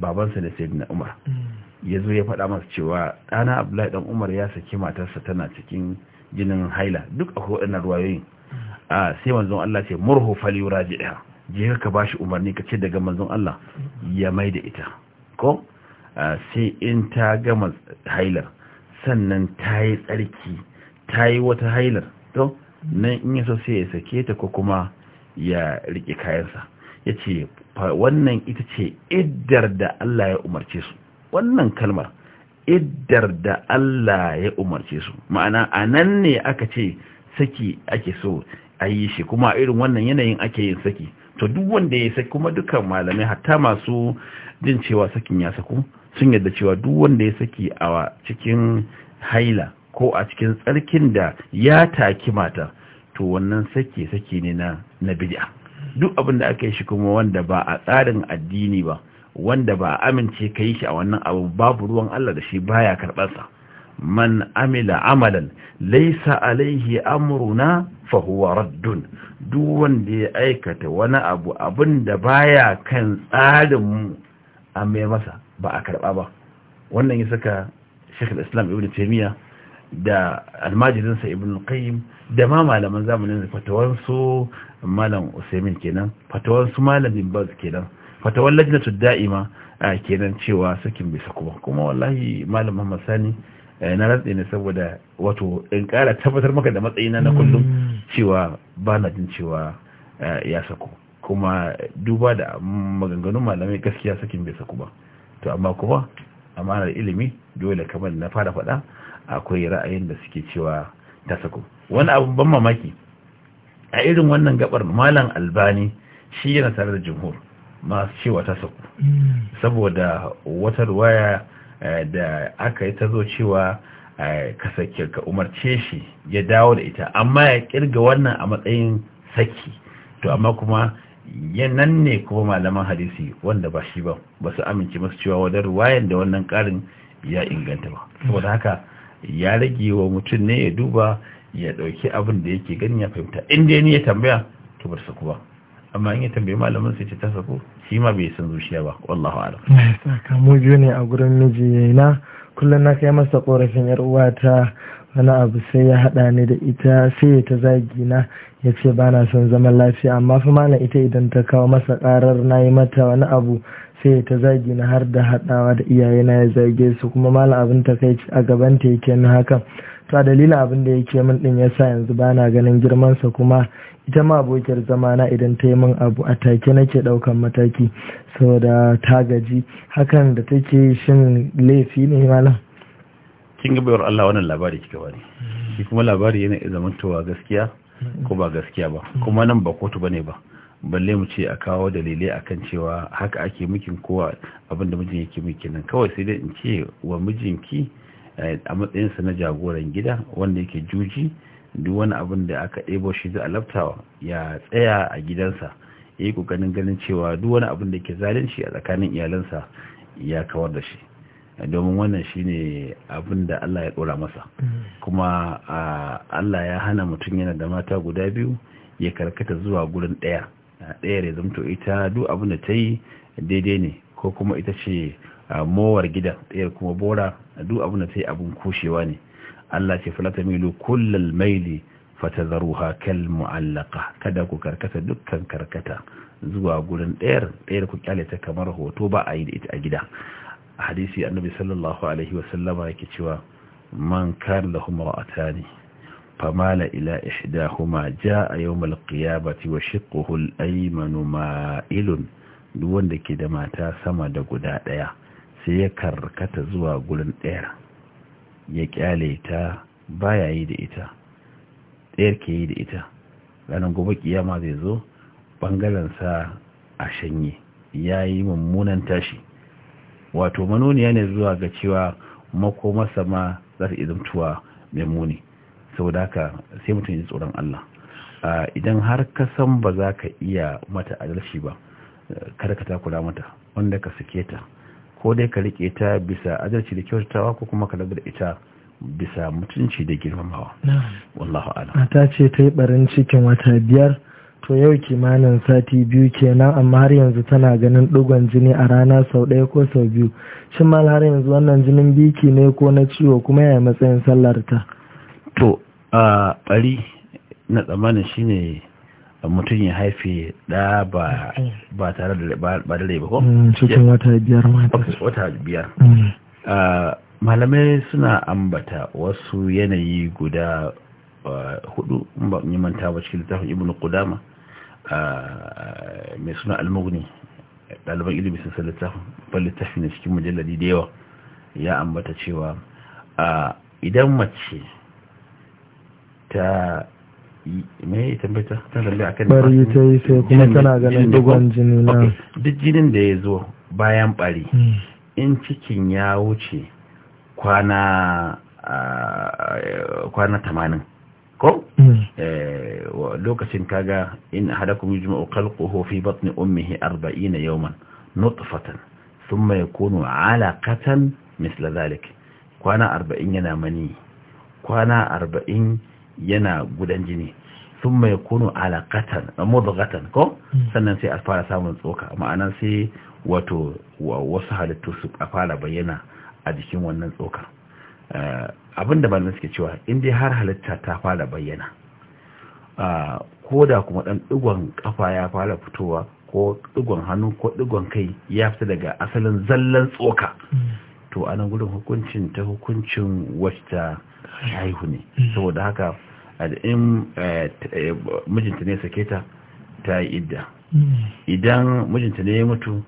babansa da sayyidina Umar mm. ya zo ya fada masa cewa ɗana Abdullahi dan Umar ya saki matarsa tana cikin jinin haila duk akwai waɗannan ruwayoyin mm. sai manzon Allah ce murhu fali falyuraji'ha je ka ba shi umarni ka ce daga manzon Allah ya mai da ita ko ah, sai in ta gama hailar sannan ta yi tsarki ta yi wata hailar to nan in yaso sai ya sake ta ko kuma ya rike kayansa ya ce wannan ita ce iddar da Allah ya umarce su wannan kalmar iddar da Allah ya umarce su ma'ana a nan ne aka ce saki ake so a yi shi kuma irin wannan yanayin ake yin saki to duk wanda ya saki kuma dukkan malamai hatta masu jin cewa sakin ya saku sun yadda cewa duk wanda ya saki a cikin haila ko a cikin tsarkin da ya taki mata to wannan sake sake ne na na bid'a duk abin da aka yi shi kuma wanda ba a tsarin addini ba wanda ba a amince ka yi shi a wannan abu babu ruwan Allah da shi baya karɓarsa man amila amalan laisa alaihi amruna fahuwa raddun duk wanda ya aikata wani abu abinda da baya kan tsarinmu a mai masa ba a karɓa ba wannan ya saka shekul islam ibn taimiyya da almajirinsa ibn qayyim da ma malaman zamanin fatawansu malam usaimin kenan fatawansu malam bin baz kenan fatawan lajnatu da'ima kenan cewa sakin bai saku ba kuma wallahi malam muhammad sani Eh, na rantse ne saboda wato in kara tabbatar maka da matsayina na kullum hmm. cewa ba na jin cewa eh, ya sako kuma duba da maganganun malamai gaskiya sakin bai saku ba to amma kuma amanar ilimi dole kamar na fara faɗa akwai ra'ayin da suke cewa ta sako wani abu ban mamaki a irin wannan gabar malam albani shi yana tare da jumhur masu cewa ta sako hmm. saboda wata ruwaya Eh, da aka yi ta zo cewa eh, ka sake ka umarce shi ya dawo da ita amma ya kirga wannan a matsayin saki to amma kuma yanan ne kuma malaman hadisi wanda ba shi ba ba su amince masu cewa wadar ruwayan da wannan karin ya inganta ba saboda haka ya rage wa mutum ne ya duba ya dauki abin da yake gani ya fahimta inda ya ni ya tambaya to bar su kuma amma in ya tambayi malamin su ce ta sako shi ma bai san zuciya ba wallahu alam saka mu biyu ne a gurin miji na kullum na kai masa korafin yar uwa ta wani abu sai ya hada ni da ita sai ta zagi na ya ce ba na son zaman lafiya amma fa malam ita idan ta kawo masa karar na yi mata wani abu sai ta zagi na har da haɗawa da iyayena ya zage su kuma malam abin takaici a gaban ta yake na hakan ta dalilin abin da yake min din yasa yanzu bana ganin girman sa kuma ita ma abokiyar zamana idan ta yi min abu a take nake daukan mataki saboda ta gaji hakan da take shin laifi ne malam kin ga bayar Allah wannan labari kika bani shi kuma labari yana da zamantowa gaskiya ko ba gaskiya ba kuma nan ba kotu bane ba balle mu ce a kawo dalilai akan cewa haka ake mikin kowa abin da mijin yake miki nan kawai sai dai in ce wa mijinki a matsayinsa na jagoran gida wanda yake juji duk wani abin da aka ɗebo shi za a laftawa ya tsaya a gidansa ya yi ƙoƙarin ganin cewa duk wani abin da ke zalunci a tsakanin iyalansa ya kawar da shi domin wannan shi ne abin da Allah ya ɗora masa kuma Allah ya hana mutum yana da mata guda biyu ya karkata zuwa gurin ɗaya ɗaya ya zamto ita duk abin da ta yi daidai ne ko kuma ita ce mowar gida ɗayar kuma bora duk abin da ta yi abin kushewa ne Allah ce falata milu kullal maili fatazaruha kal mu'allaqa kada ku karkata dukkan karkata zuwa gurin ɗayar ɗayar ku kyale ta kamar hoto ba a yi da ita a gida a hadisi annabi sallallahu alaihi wa sallama yake cewa man kan lahum ra'atani famala ila ihdahuma jaa yawmal qiyamati wa shiqquhu al-aymanu ma'ilun duk wanda ke da mata sama da guda ɗaya sai ya karkata zuwa gurin ɗaya ya kyale ta baya yi da ita ɗayar ke yi da ita ranar gobe kiyama zai zo ɓangarensa a shanye ya yi mummunan tashi wato manoniya ne zuwa ga cewa makoma ma za ta izamtuwa mai muni saboda haka sai mutum ya tsoron Allah idan har ka san ba za ka iya mata adalci ba eh, kada ka takura mata wanda ka sake ta ko dai ka rike ta bisa adalci da kyautatawa ko kuma ka rabu ita bisa mutunci da girmamawa wallahu a'lam mata ce ta yi barin cikin wata biyar to yau kimanin sati biyu kenan amma har yanzu tana ganin dugon jini a rana sau ɗaya ko sau biyu shin mal har yanzu wannan jinin biki ne ko na ciwo kuma yaya matsayin sallar ta to a ɓari na tsammanin shine mutum ya haife da ba mm. ba tare da ba da ba ko mm, cikin wata biyar wata biyar mm. malamai suna ambata wasu yanayi guda hudu ba yi manta ba cikin littafin ibn qudama mai suna almugni ɗaliban ilimi sun san littafin ban littafin cikin mujalladi da yawa ya ambata cewa idan mace ta me ya tambata ta tambaye akan bari ta yi sai kuma tana ganin dogon jini na duk jinin da ya zo bayan bari hmm. in cikin ya wuce kwana kwana tamanin ko hmm. eh, lokacin kaga in hada hadakum yujma'u khalquhu fi batni ummihi 40 yawman nutfatan thumma yakunu 'alaqatan misla dhalik kwana arba'in yana mani kwana arba'in. yana gudan jini sun mai kunu alaƙatan mudghatan ko hmm. sannan sai a fara samun tsoka ma'ana sai wato wasu halittu su a fara bayyana a jikin wannan tsoka eh, abin da suke cewa in dai har halitta ta fara bayyana ko da kuma ɗan ɗigon ƙafa ya fara fitowa ko ɗigon hannu ko ɗigon kai ya fita daga asalin zallan tsoka hmm. to anan gudun hukuncin ta hukuncin wacce ta haihu ne hmm. saboda haka in eh, eh, mijinta ne sake ta ta yi idda hmm. idan mijinta ne ya mutu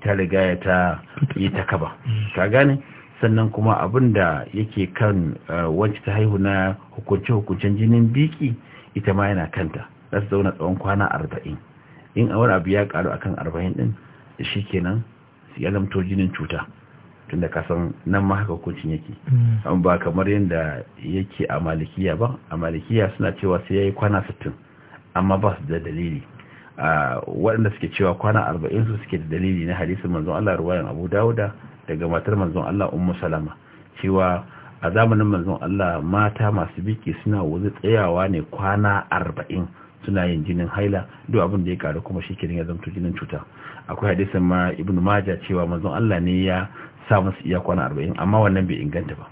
ta riga ta yi ta kaba hmm. ka gane sannan kuma abin da yake kan eh, wancan ta haihu na hukunce-hukuncen jinin biki ita ma yana kanta za su zauna tsawon kwana arba'in in a abu ya karu akan arba'in din shi kenan ya lamto jinin cuta tun da kasan nan ma haka hukuncin yake mm. an ba kamar yadda yake a malikiya ba a malikiya suna cewa sai ya yi kwana 60 amma ba su da dalili waɗanda suke cewa kwana 40 su suke da dalili na hadisin manzon Allah ruwayan Abu Dawuda daga matar manzon Allah Ummu Salama cewa a zamanin manzon Allah mata masu biki suna wuzi tsayawa ne kwana 40 suna yin jinin haila duk abin da ya karu kuma shi ya zama jinin cuta akwai hadisin ma ibnu maja cewa manzon Allah ne ya sa musu iya kwana arba'in amma wannan bai inganta ba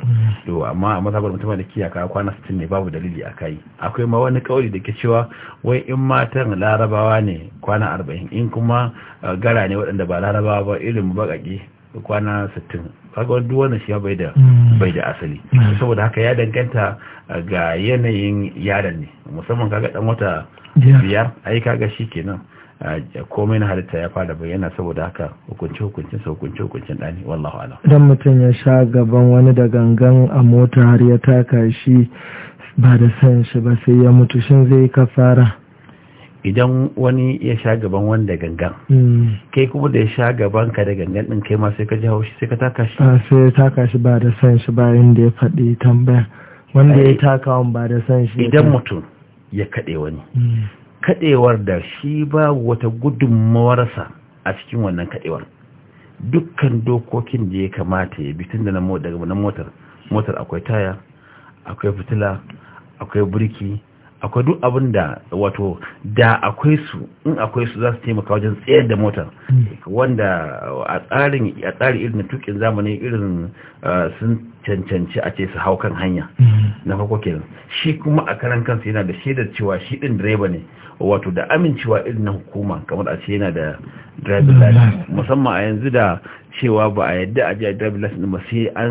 to mm. amma a mazhabar mutum da kiyaka kwana sittin ne babu dalili a kai akwai ma wani kauri da ke cewa wai in matan larabawa ne kwana arba'in in kuma uh, gara ne waɗanda ba larabawa ba irin baƙaƙe kwana sittin kaga duk wannan shi mm. bai da asali mm. saboda haka ya danganta uh, ga yanayin yaron ne musamman kaga dan wata biyar ai kaga shi kenan komai na halitta ya fara bayyana saboda haka hukunci hukuncin sa hukunci hukuncin dani wallahu ala dan mutum ya sha gaban wani da gangan a mota har ya taka shi ba da san shi ba sai ya mutu shin zai kafara idan wani ya sha gaban wanda gangan hmm. kai kuma da ya sha gaban ka da gangan din kai ma sai ka jawo shi sai ka taka shi sai ya taka shi ba da san shi bayan da ya faɗi tambaya wanda ya eh. taka ba da san shi idan mutum ya kaɗe wani hmm. kadewar da shi babu wata gudunmawarsa a cikin wannan kadewar dukkan dokokin da ya kamata ya bitin da nan motar motar akwai taya akwai fitila akwai burki akwai duk abin da wato da akwai su in akwai su za su taimaka wajen tsayar da motar hmm. wanda a tsarin a tsarin irin tukin zamani irin ah, sun cancanci a ce su hau kan hanya mm-hmm. na farko kenan shi kuma a karan kansa yana da shaidar cewa shi din direba ne wato da amincewa irin na hukuma kamar a ce yana da driving mm-hmm. license musamman a yanzu da cewa ba a yadda a jiya a driving license ba sai an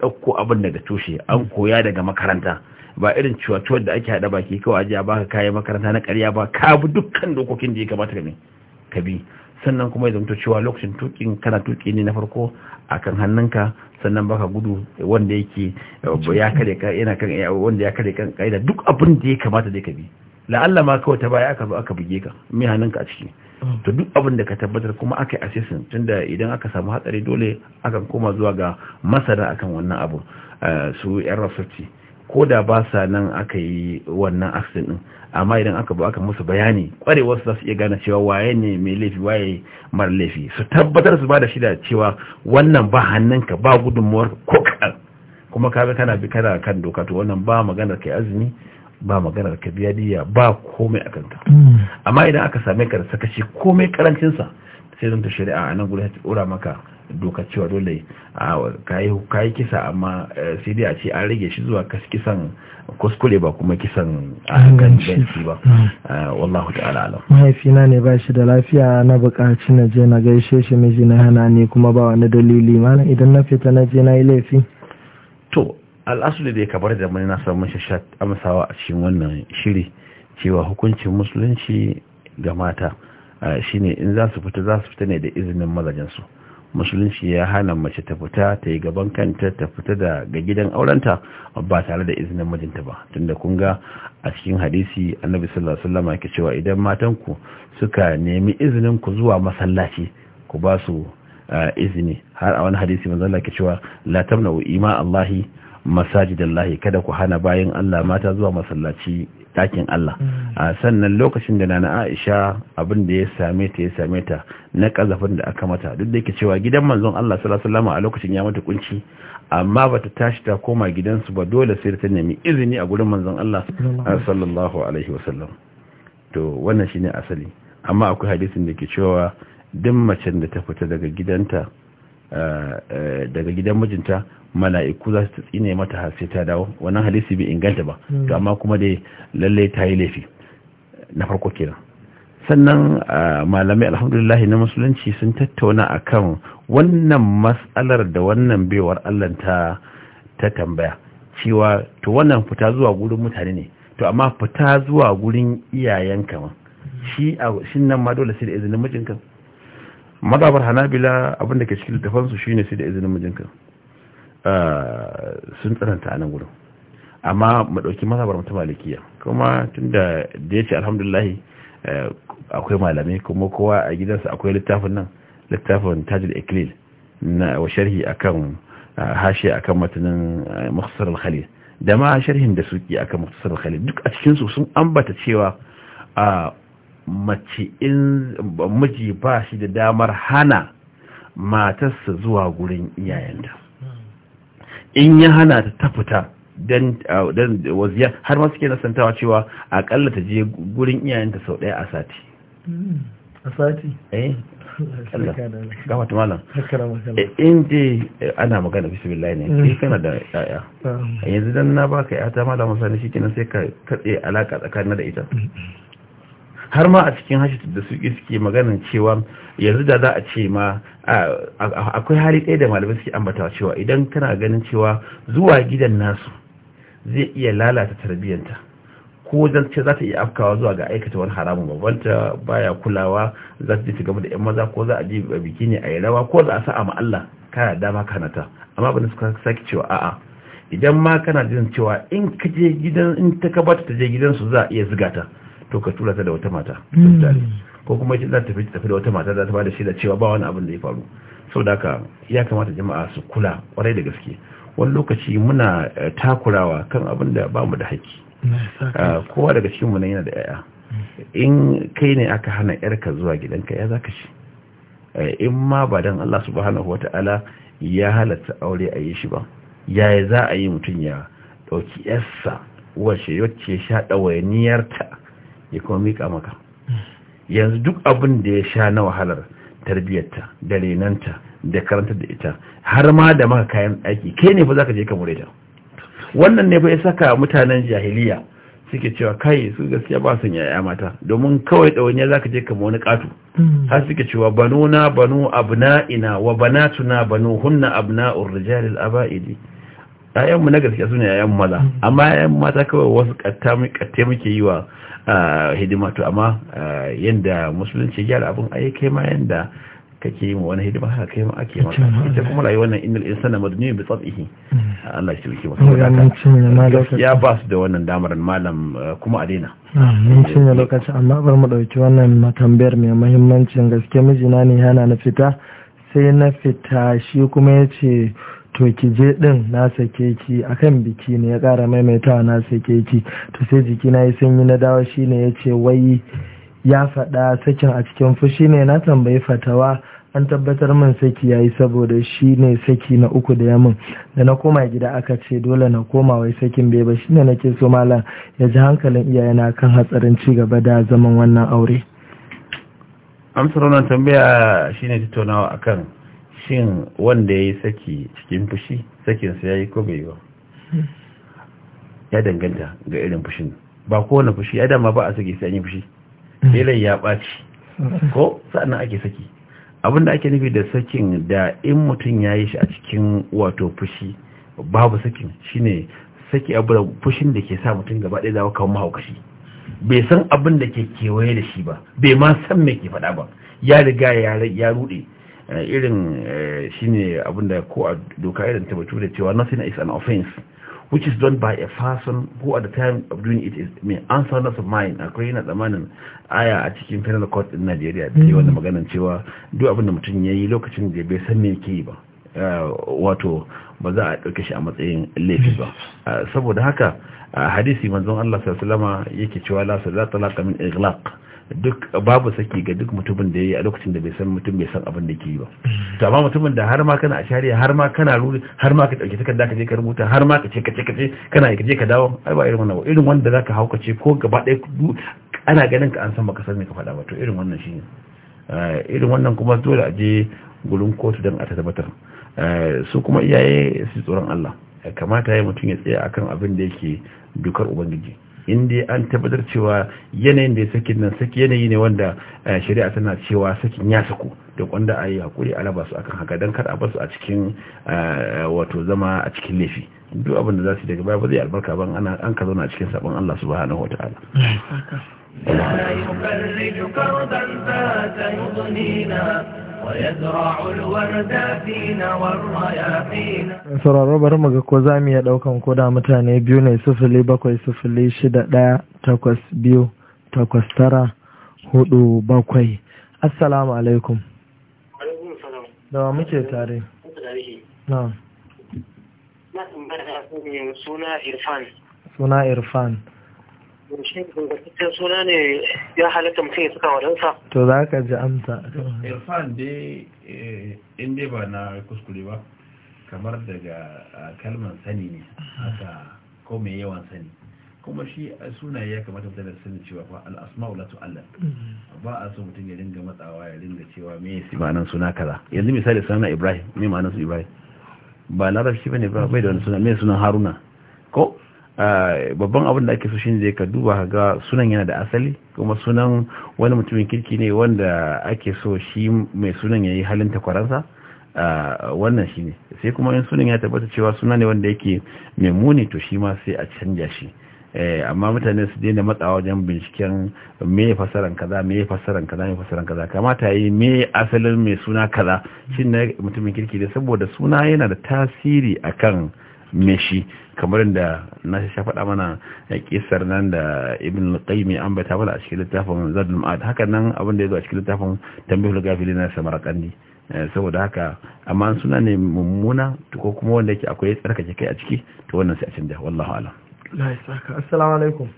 ɗauko abin daga tushe an mm-hmm. koya daga makaranta ba irin cewa ciwatuwar da ake haɗa baki kawai ajiya baka kayan makaranta na karya ba ka bi dukkan dokokin da ya kamata ka bi sannan kuma ya zamto cewa lokacin tukin kana tuki ne na farko a kan hannunka sannan baka gudu wanda yake eh, eh, ya kare kan wanda kaida duk abin da ya kamata da ka bi la'alla ma kawai ta baya aka zo aka buge ka mai hannunka a ciki mm. to duk abin da ka tabbatar kuma aka yi tun da idan aka samu hatsari dole akan koma zuwa ga masana akan wannan abu eh, su yan rafsati ko da ba sa nan aka yi wannan accident din amma idan aka ba aka musu bayani su za su iya gane cewa waye ne mai laifi waye mara laifi su tabbatar su ba da shida cewa wannan ba hannunka ba gudunmuwar ko kaɗan kuma ka ga kana bi kana kan doka to wannan ba maganar kai azumi ba maganar ka biya diya ba komai akan ka hmm. amma idan aka same ka da sakaci komai karancinsa sai zan ta shari'a a nan gudu ya ɗora maka doka cewa dole ka yi kisa amma eh, sai dai a ce an rage shi zuwa kisan kuskure ba kuma kisan ganci ba hmm. wallahu ta'ala alam mahaifina ne ba shi da lafiya na bukaci na je na gaishe shi miji na hana ne kuma ba wani dalili mana idan na fita na je na yi laifi to al'asuli da ya kabar da mani na samun shashat amsawa a cikin wannan shiri cewa hukuncin musulunci ga mata shine in za su fita za su fita ne da izinin mazajensu musulunci ya hana mace ta fita ta yi gaban kanta ta fita daga gidan aurenta ba tare da izinin mijinta ba tunda kun ga a cikin hadisi annabi sallallahu alaihi wasallam yake cewa idan matan ku suka nemi izinin ku zuwa masallaci ku ba su eh, izini har a wani hadisi manzo Allah yake cewa la tamna'u ima Allahi lahi kada ku hana bayan Allah mata zuwa masallaci dakin Allah a sannan lokacin da nana Aisha abin da ya same ta ya same ta na kazafin da aka mata duk da yake cewa gidan manzon Allah sallallahu alaihi wasallam a lokacin ya mata kunci amma bata tashi ta koma gidansu ba dole sai ta nemi izini a gurin manzon Allah sallallahu alaihi wasallam to wannan shine asali amma akwai hadisin da ke cewa duk macen da ta fita daga gidanta daga gidan mijinta mala'iku za su tsine mata har sai ta dawo wannan hadisi bai inganta ba hmm. to amma kuma dai lalle ta yi laifi na farko kenan sannan malamai alhamdulillah na musulunci sun tattauna akan wannan matsalar da wannan baiwar Allah ta ta tambaya cewa to wannan fita zuwa gurin mutane ne to amma fita zuwa gurin iyayen kama shi a shin nan ma dole sai da izinin mijinka madabar hanabila abin da ke cikin littafansu shine sai da izinin mijinka Eh, sun tsananta a nan gudun amma maɗauki mazhabar mutum malikiya kuma tun da ya ce eh, akwai malamai kuma kowa a gidansa akwai littafin nan littafin tajil iklil na wa sharhi akan eh, hashi akan matanin mukhtasar al-khalil da ma sharhin da suke akan mukhtasar al-khalil duk a cikin su sun ambata cewa a mace in miji ba shi da damar hana matarsa zuwa gurin iyayenta in ya hana ta ta fita dan waziya har ma suke nasantawa cewa akalla ta je gurin iyayenta sau ɗaya a sati hmm, a sati eh ga wata malam eh, in dai eh, ana magana bismillah ne kai kana da yaya hmm. yanzu dan na baka malama malam shi shikenan sai ka katse alaka tsakanin da ita hmm, har ma a cikin hashi da suke suke maganin cewa yanzu da za a ce ma akwai hali ɗaya da malamai suke ambatawa cewa idan kana ganin cewa zuwa gidan nasu zai iya lalata tarbiyyanta ko zan ce za ta iya afkawa zuwa ga aikata wani haramun babanta baya kulawa za ta ta gaba da yan maza ko za a je biki ne a yi rawa ko za a sa ma Allah kana dama kana ta amma ba suka sake cewa a'a idan ma kana jin cewa in ka je gidan in ta kabata ta je gidan su za a iya ziga ta to ka tura ta da wata mata hmm. ko kuma ita za ta tafi da wata mata za ta ba da da cewa ba wani abin da ya faru sau da ka ya kamata jama'a su kula kwarai da gaske wani lokaci muna eh, takurawa kan abin da ba mu da haƙi ah, kowa daga cikinmu na yana da yaya hmm. in kai ne aka hana yarka zuwa gidanka ya zaka shi eh, in ma ba don Allah subhanahu ta'ala ya halatta aure a yi shi ba yaya za a yi mutum ya ɗauki yarsa wace wacce sha ɗawainiyarta ya kuma mika maka yanzu duk abin da ya sha na wahalar tarbiyyarta da renanta da karanta da ita har ma da maka kayan aiki kai ne fa zaka je ka mure ta wannan ne fa ya saka mutanen jahiliya suke cewa kai su gaskiya ba sun yaya mata domin kawai ɗawanya za ka je kama wani ƙatu hmm. har suke cewa banu na banu abna'ina wa na banu hunna abna'ur rijalil aba'idi ƴaƴanmu na gaskiya su ne ƴaƴan maza hmm. amma ƴaƴan mata kawai wasu ƙatta muke yi wa hidima to amma yanda musulunci gyara abin ai kai ma yanda kake yi wani hidima haka kai ma ake ma ita kuma rayuwar nan innal insana madniyun bi tsabihi hmm. Allah shi yake maka ya ba su da wannan damar malam kuma a daina ah, mun ya lokaci amma bar mu dauki wannan tambayar mai muhimmancin gaske mijina ne yana na fita sai na fita shi kuma yace to ki je din na sake ki akan biki ne ya kara maimaitawa na sake ki to sai jiki na yi sanyi na dawo shine ya ce wai ya faɗa sakin a cikin fushi ne na tambayi fatawa an tabbatar min saki ya yi saboda shi ne saki na uku da ya yamin da na koma gida aka ce dole na koma wai sakin bai ba shi nake so malam ya ji hankalin na kan hatsarin ci gaba da zaman wannan aure amsar wannan tambaya shine tattaunawa akan shin wanda ya yi saki cikin fushi sakinsa ya yi ko bai ba ya danganta ga irin fushin ba kowane fushi ya dama ba a saki sai an yi fushi sai ya ɓaci ko sa'annan ake saki abinda ake nufi da sakin da in mutum ya yi shi a cikin wato fushi babu sakin shine saki abu da fushin da ke sa mutum gaba ɗaya zama kawo mahaukashi. bai san abin da ke kewaye da shi ba bai ma san me ke faɗa ba ya riga ya ruɗe irin eh, shine abinda ko a doka irin ta da cewa nothing is an offense which is done by a person who at the time of doing it is mai answer soundness of mind akwai yana tsamanin aya a cikin penal court in nigeria. da yi wanda mm. maganan cewa duk abin da mutum ya yi lokacin da bai san me ke yi ba eh, wato ba za a ɗauke shi a matsayin laifi ba mm. eh, saboda haka hadisi manzon Allah sallallahu alaihi wasallama yake cewa la salata la min ighlaq duk babu saki ga duk mutumin da yayi a lokacin da bai san mutum bai san abin da ke yi ba to amma mutumin da har ma kana a shari'a har ma kana ruri har ma ka ta takarda ka je ka rubuta har ma ka ce ka ce ka ce kana ka je ka dawo ai ba irin wannan ba irin wanda zaka haukace ko gaba ɗaya ana ganin ka an san baka san me ka faɗa ba to irin wannan shine eh, irin wannan kuma dole a je gurin kotu don a tabbatar eh, su kuma iyaye su tsoron Allah kamata ya mutum ya tsaya akan abin da yake dukar ubangiji in dai an tabbatar cewa yanayin da ya sakin nan saki yanayi ne wanda eh, shari'a tana cewa sakin ya saku da kwanda a yi hakuri alaba ba su akan haka don kada a su a cikin eh, wato zama a cikin laifi duk abin da za su daga baya ba zai albarka ban an ka zauna a cikin sabon Allah subhanahu wataala يفرج كربا فات يضنينا sauraro bari mu ga ko za mu iya ɗaukan ko da mutane biyu ne sufuli bakwai sufuli shida ɗaya takwas biyu takwas tara hudu bakwai assalamu alaikum da wa muke tare na suna irfan suna irfan suna ne ya halatta mutum ya suka wadansa to za ka ji amsa irfan dai eh, inda ba na kuskure ba kamar daga ah, kalmar sani ne haka ko mai yawan sani kuma shi ah, sunaye ya kamata mutum da sani cewa al'asma al'asma'u la allah ba a so mutum ya dinga matsawa ya dinga cewa me yasi ma'anar suna kaza yanzu misali suna Ibrahim me ma'anar su Ibrahim ba larabci bane ba bai da wani suna me sunan Haruna ko Eh, babban abin da ake so shine zai ka duba ga sunan yana da asali kuma sunan wani mutumin kirki ne wanda ake so shi mai sunan yayi halin takwaransa eh, wannan shine sai kuma in sunan ya tabbata cewa suna ne wanda yake mai muni to shi ma sai a canja shi eh, amma mutane su daina matsawa wajen binciken me fasaran kaza me fasaran kaza me fasaran kaza kamata yi me asalin mai suna kaza shin na mutumin kirki ne saboda suna yana da tasiri akan meshi kamar da na sha faɗa mana kisar nan da ibn al-qayyim ambata bala a cikin littafin zadul ma'ad haka nan abin da yazo a cikin littafin tambihul gafili na samarqandi eh, saboda haka amma suna ne mummuna ko kuma wanda yake akwai tsarkake kai a ciki to wannan sai a canja wallahi alam la saka assalamu alaikum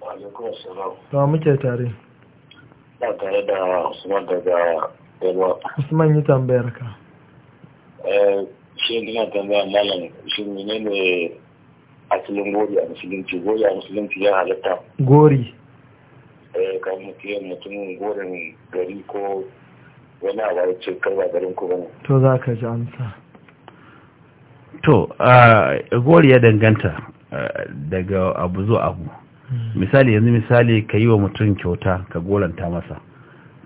wa alaikum assalam to muke tare ba tare da Usman daga Usman yi tambayar ka eh shi na tambaya malam shi ne ne asalin gori a musulunci gori a musulunci ya halatta gori eh kan mutum mutumin gorin gari ko wani abu ya ce kai garin ku bane to za ka ji amsa to gori ya danganta daga abu zuwa abu hmm. misali yanzu misali ka yi wa mutum kyauta ka goranta masa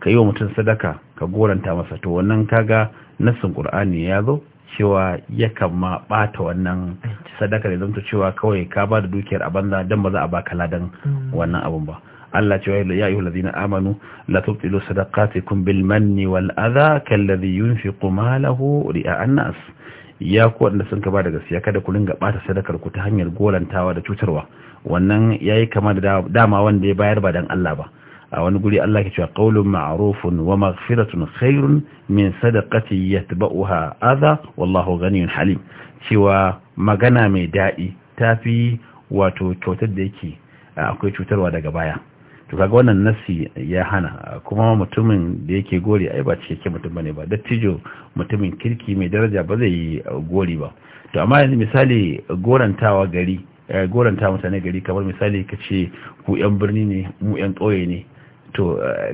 ka yi wa mutum sadaka ka goranta masa to wannan kaga nassin qur'ani ya zo cewa yakan ma bata wannan sadaka da zanto cewa kawai ka ba da dukiyar a banza dan ba za a baka ladan wannan abun ba Allah cewa ya ayyuhal ladina amanu la tubtilu sadaqatikum bil manni wal adha kalladhi yunfiqu malahu ri'a an-nas ya ku wanda sun ka ba da gaskiya kada ku ringa bata sadakar ku ta hanyar golantawa da cutarwa wannan yayi kama da dama wanda ya bayar ba dan Allah ba a wani guri Allah ke cewa qaulun ma'rufun wa maghfiratun khairun min sadaqati yatba'uha adha wallahu ghaniyyun halim cewa magana mai dadi tafi wato cutar da yake akwai cutarwa daga baya to kaga wannan nasi ya hana kuma mutumin da yake gori ai ba cikakken mutum bane ba dattijo mutumin kirki mai daraja ba zai yi gori ba to amma yanzu misali gorantawa gari eh, goranta mutane gari kamar misali ka ce ku yan birni ne mu yan ƙauye ne to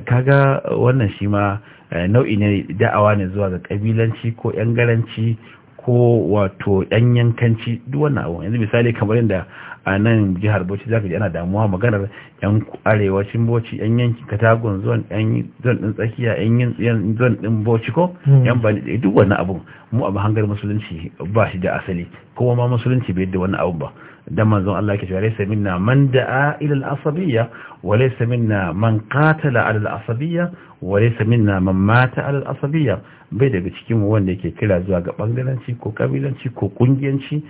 ka ga wannan shi ma eh, nau'i ne da'awa ne zuwa ga kabilanci ko yan garanci ko wato yan yankanci duk wannan abu yanzu misali kamar yadda a nan jihar bauchi zaka ji ana damuwa maganar yan arewacin bauchi yan yankin katagun zuwan yan zuwan din tsakiya yan zuwan din bauchi ko yan hmm. duk wannan abu mu abu hangar musulunci ba shi da asali kuma ma musulunci bai da wannan abu ba da manzon Allah yake cewa laysa minna man da'a ila al-asabiyya wa laysa minna man qatala ala al-asabiyya wa laysa minna man mata ala al-asabiyya bai daga cikin wanda yake kira zuwa ga bangaranci ko kabilanci ko kungiyanci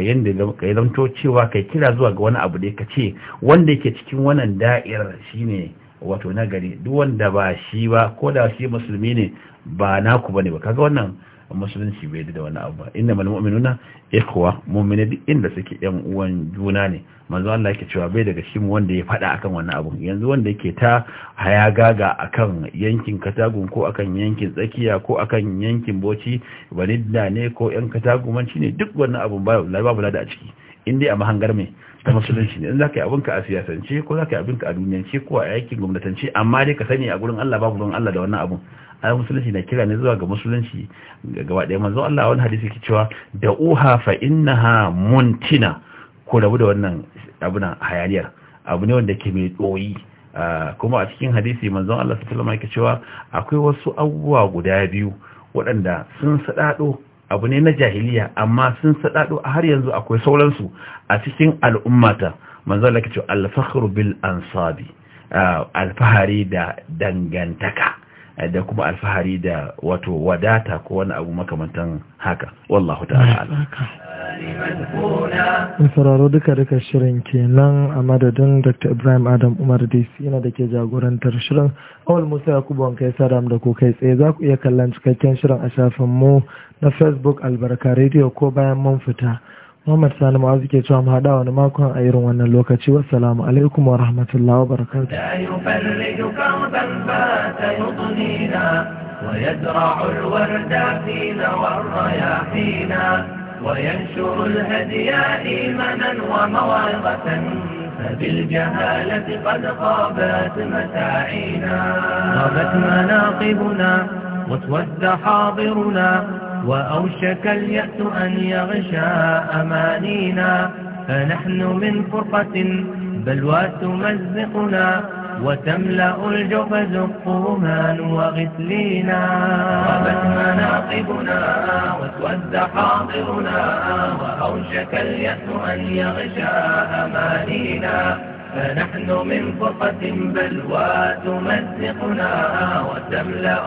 yanda kai zamto cewa kai kira zuwa ga wani abu da yake ce wanda yake cikin wannan da'irar shine wato nagari duk wanda ba shi ba ko da shi musulmi ne ba naku bane ba kaga wannan musulunci bai da wani abu ba inna mal mu'minuna ikhwa mu'mina duk inda suke yan uwan juna ne manzo Allah yake cewa bai daga mu wanda ya faɗa akan wannan abu yanzu wanda yake ta haya gaga akan yankin katagun ko akan yankin tsakiya ko akan yankin boci banidda ne ko yan katagun ne duk wannan abu ba babu lada a ciki in dai a mahangar me ta musulunci ne in za ka yi abinka a siyasance ko za ka yi abinka a duniyance ko a yakin gwamnatance amma dai ka sani a gurin Allah babu ruwan Allah da wannan abun ai musulunci na kira ne zuwa ga musulunci gaba ɗaya manzo Allah wani hadisi ke cewa da uha fa innaha muntina ko rabu da wannan abuna hayaniyar abu ne wanda ke mai doyi kuma a cikin hadisi manzo Allah sallallahu alaihi wasallam cewa akwai wasu abubuwa guda biyu waɗanda sun sadado abu ne na jahiliya amma sun sadado har yanzu akwai sauransu a cikin al'ummata manzo Allah ke cewa al-fakhru bil ansabi alfahari da dangantaka Eh, da kuma alfahari da wato wadata ko wani abu makamantan haka wallahu ta'ala sauraro duka duka shirin kenan a madadin dr ibrahim adam umar dc yana da ke jagorantar shirin awal musa yakubu kubon kai saram da ko kai tsaye za ku iya kallon cikakken shirin a shafin mu na facebook albarka radio ko bayan mun fita Muhammad Sani Mu'azu ke cewa mu haɗa wani makon a irin wannan lokaci wassalamu alaikum wa rahmatullahi wa barakatuh Ya kawdan wa wa yadra'u fina ويزرع الورد فينا والرياحينا وينشر الهدي إيمانا وموعظة فبالجهالة قد خابت متاعينا غابت مناقبنا وتود حاضرنا وأوشك اليأس أن يغشى أمانينا فنحن من فرقة بلوى تمزقنا وتملأ الجوف زقومان وغسلينا غابت مناقبنا واسود حاضرنا وأوشك اليأس أن يغشى أمانينا فنحن من فرقة بلوى تمزقنا وتملأ